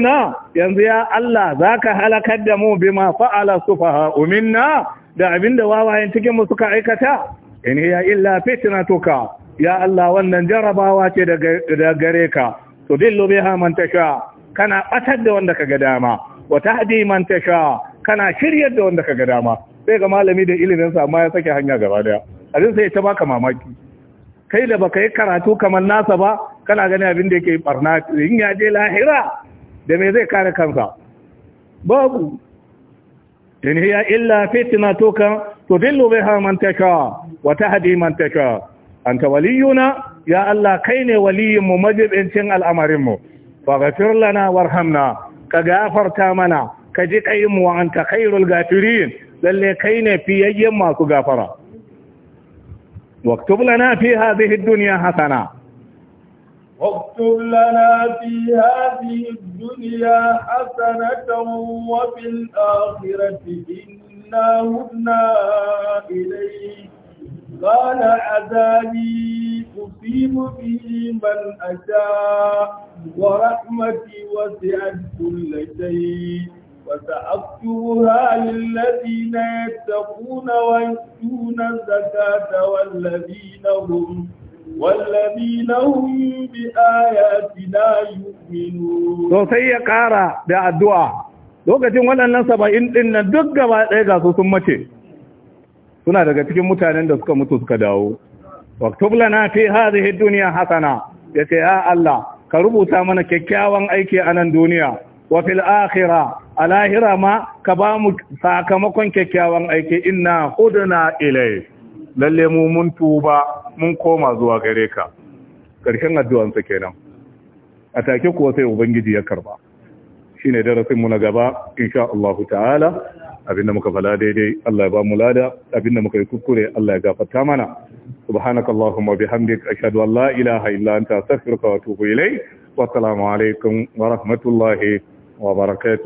na yanzu ya Allah za ka halakar da mu bima fa'ala sufaha na? da abinda wawayen cikinmu suka aikata in hiya illa fitnatuka ya Allah wannan jarabawa ce da gare ka tudillu biha man tasha kana batar da wanda kaga dama wa tahdi man tasha kana shiryar da wanda kaga dama sai ga malami da ilimin sa amma ya sake hanya gaba daya abin sai ta baka mamaki kai da baka yi karatu kamar nasa ba kana gani abin da yake barna in ya je lahira da me zai kare kansa babu in hiya illa fitnatuka tudillu biha man tasha wa tahdi man tasha anta waliyuna ya Allah kai ne waliyinmu majibincin al'amarinmu faghfir lana warhamna ka gafarta mana ka ji kayinmu wa anta khairul gafirin lalle kai ne fiyayyen masu gafara واكتب لنا في هذه hasana. حسنة واكتب لنا في هذه الدنيا حسنة وفي الآخرة إنا هدنا قال عذابي أصيب به من أشاء ورحمتي وسعت كل شيء وسأكتبها للذين يتقون ويؤتون الزكاة والذين هم والذين هم بآياتنا يؤمنون. sosai ya ƙara da addu'a lokacin waɗannan saba'in ɗin nan duk gaba ɗaya ga su sun mace. suna daga cikin mutanen da suka mutu suka dawo waktub lana fi hadhihi dunya hasana yace ya Allah ka rubuta mana kyakkyawan aiki a nan duniya wa fil akhirah alahira ma ka ba mu sakamakon kyakkyawan aiki inna hudna ilai lalle mu mun tuba mun koma zuwa gare ka karshen addu'ansa kenan a take kuwa sai ubangiji ya karba shine darasin mu na gaba insha Allah ta'ala abinda muka fala daidai Allah ya ba mu lada abinda muka yi kukure, Allah ya gafarta mana subhanakallahumma bihamdik ashhadu an la ilaha illa anta astaghfiruka wa atubu ilayk wa assalamu alaikum wa rahmatullahi wa barakatuh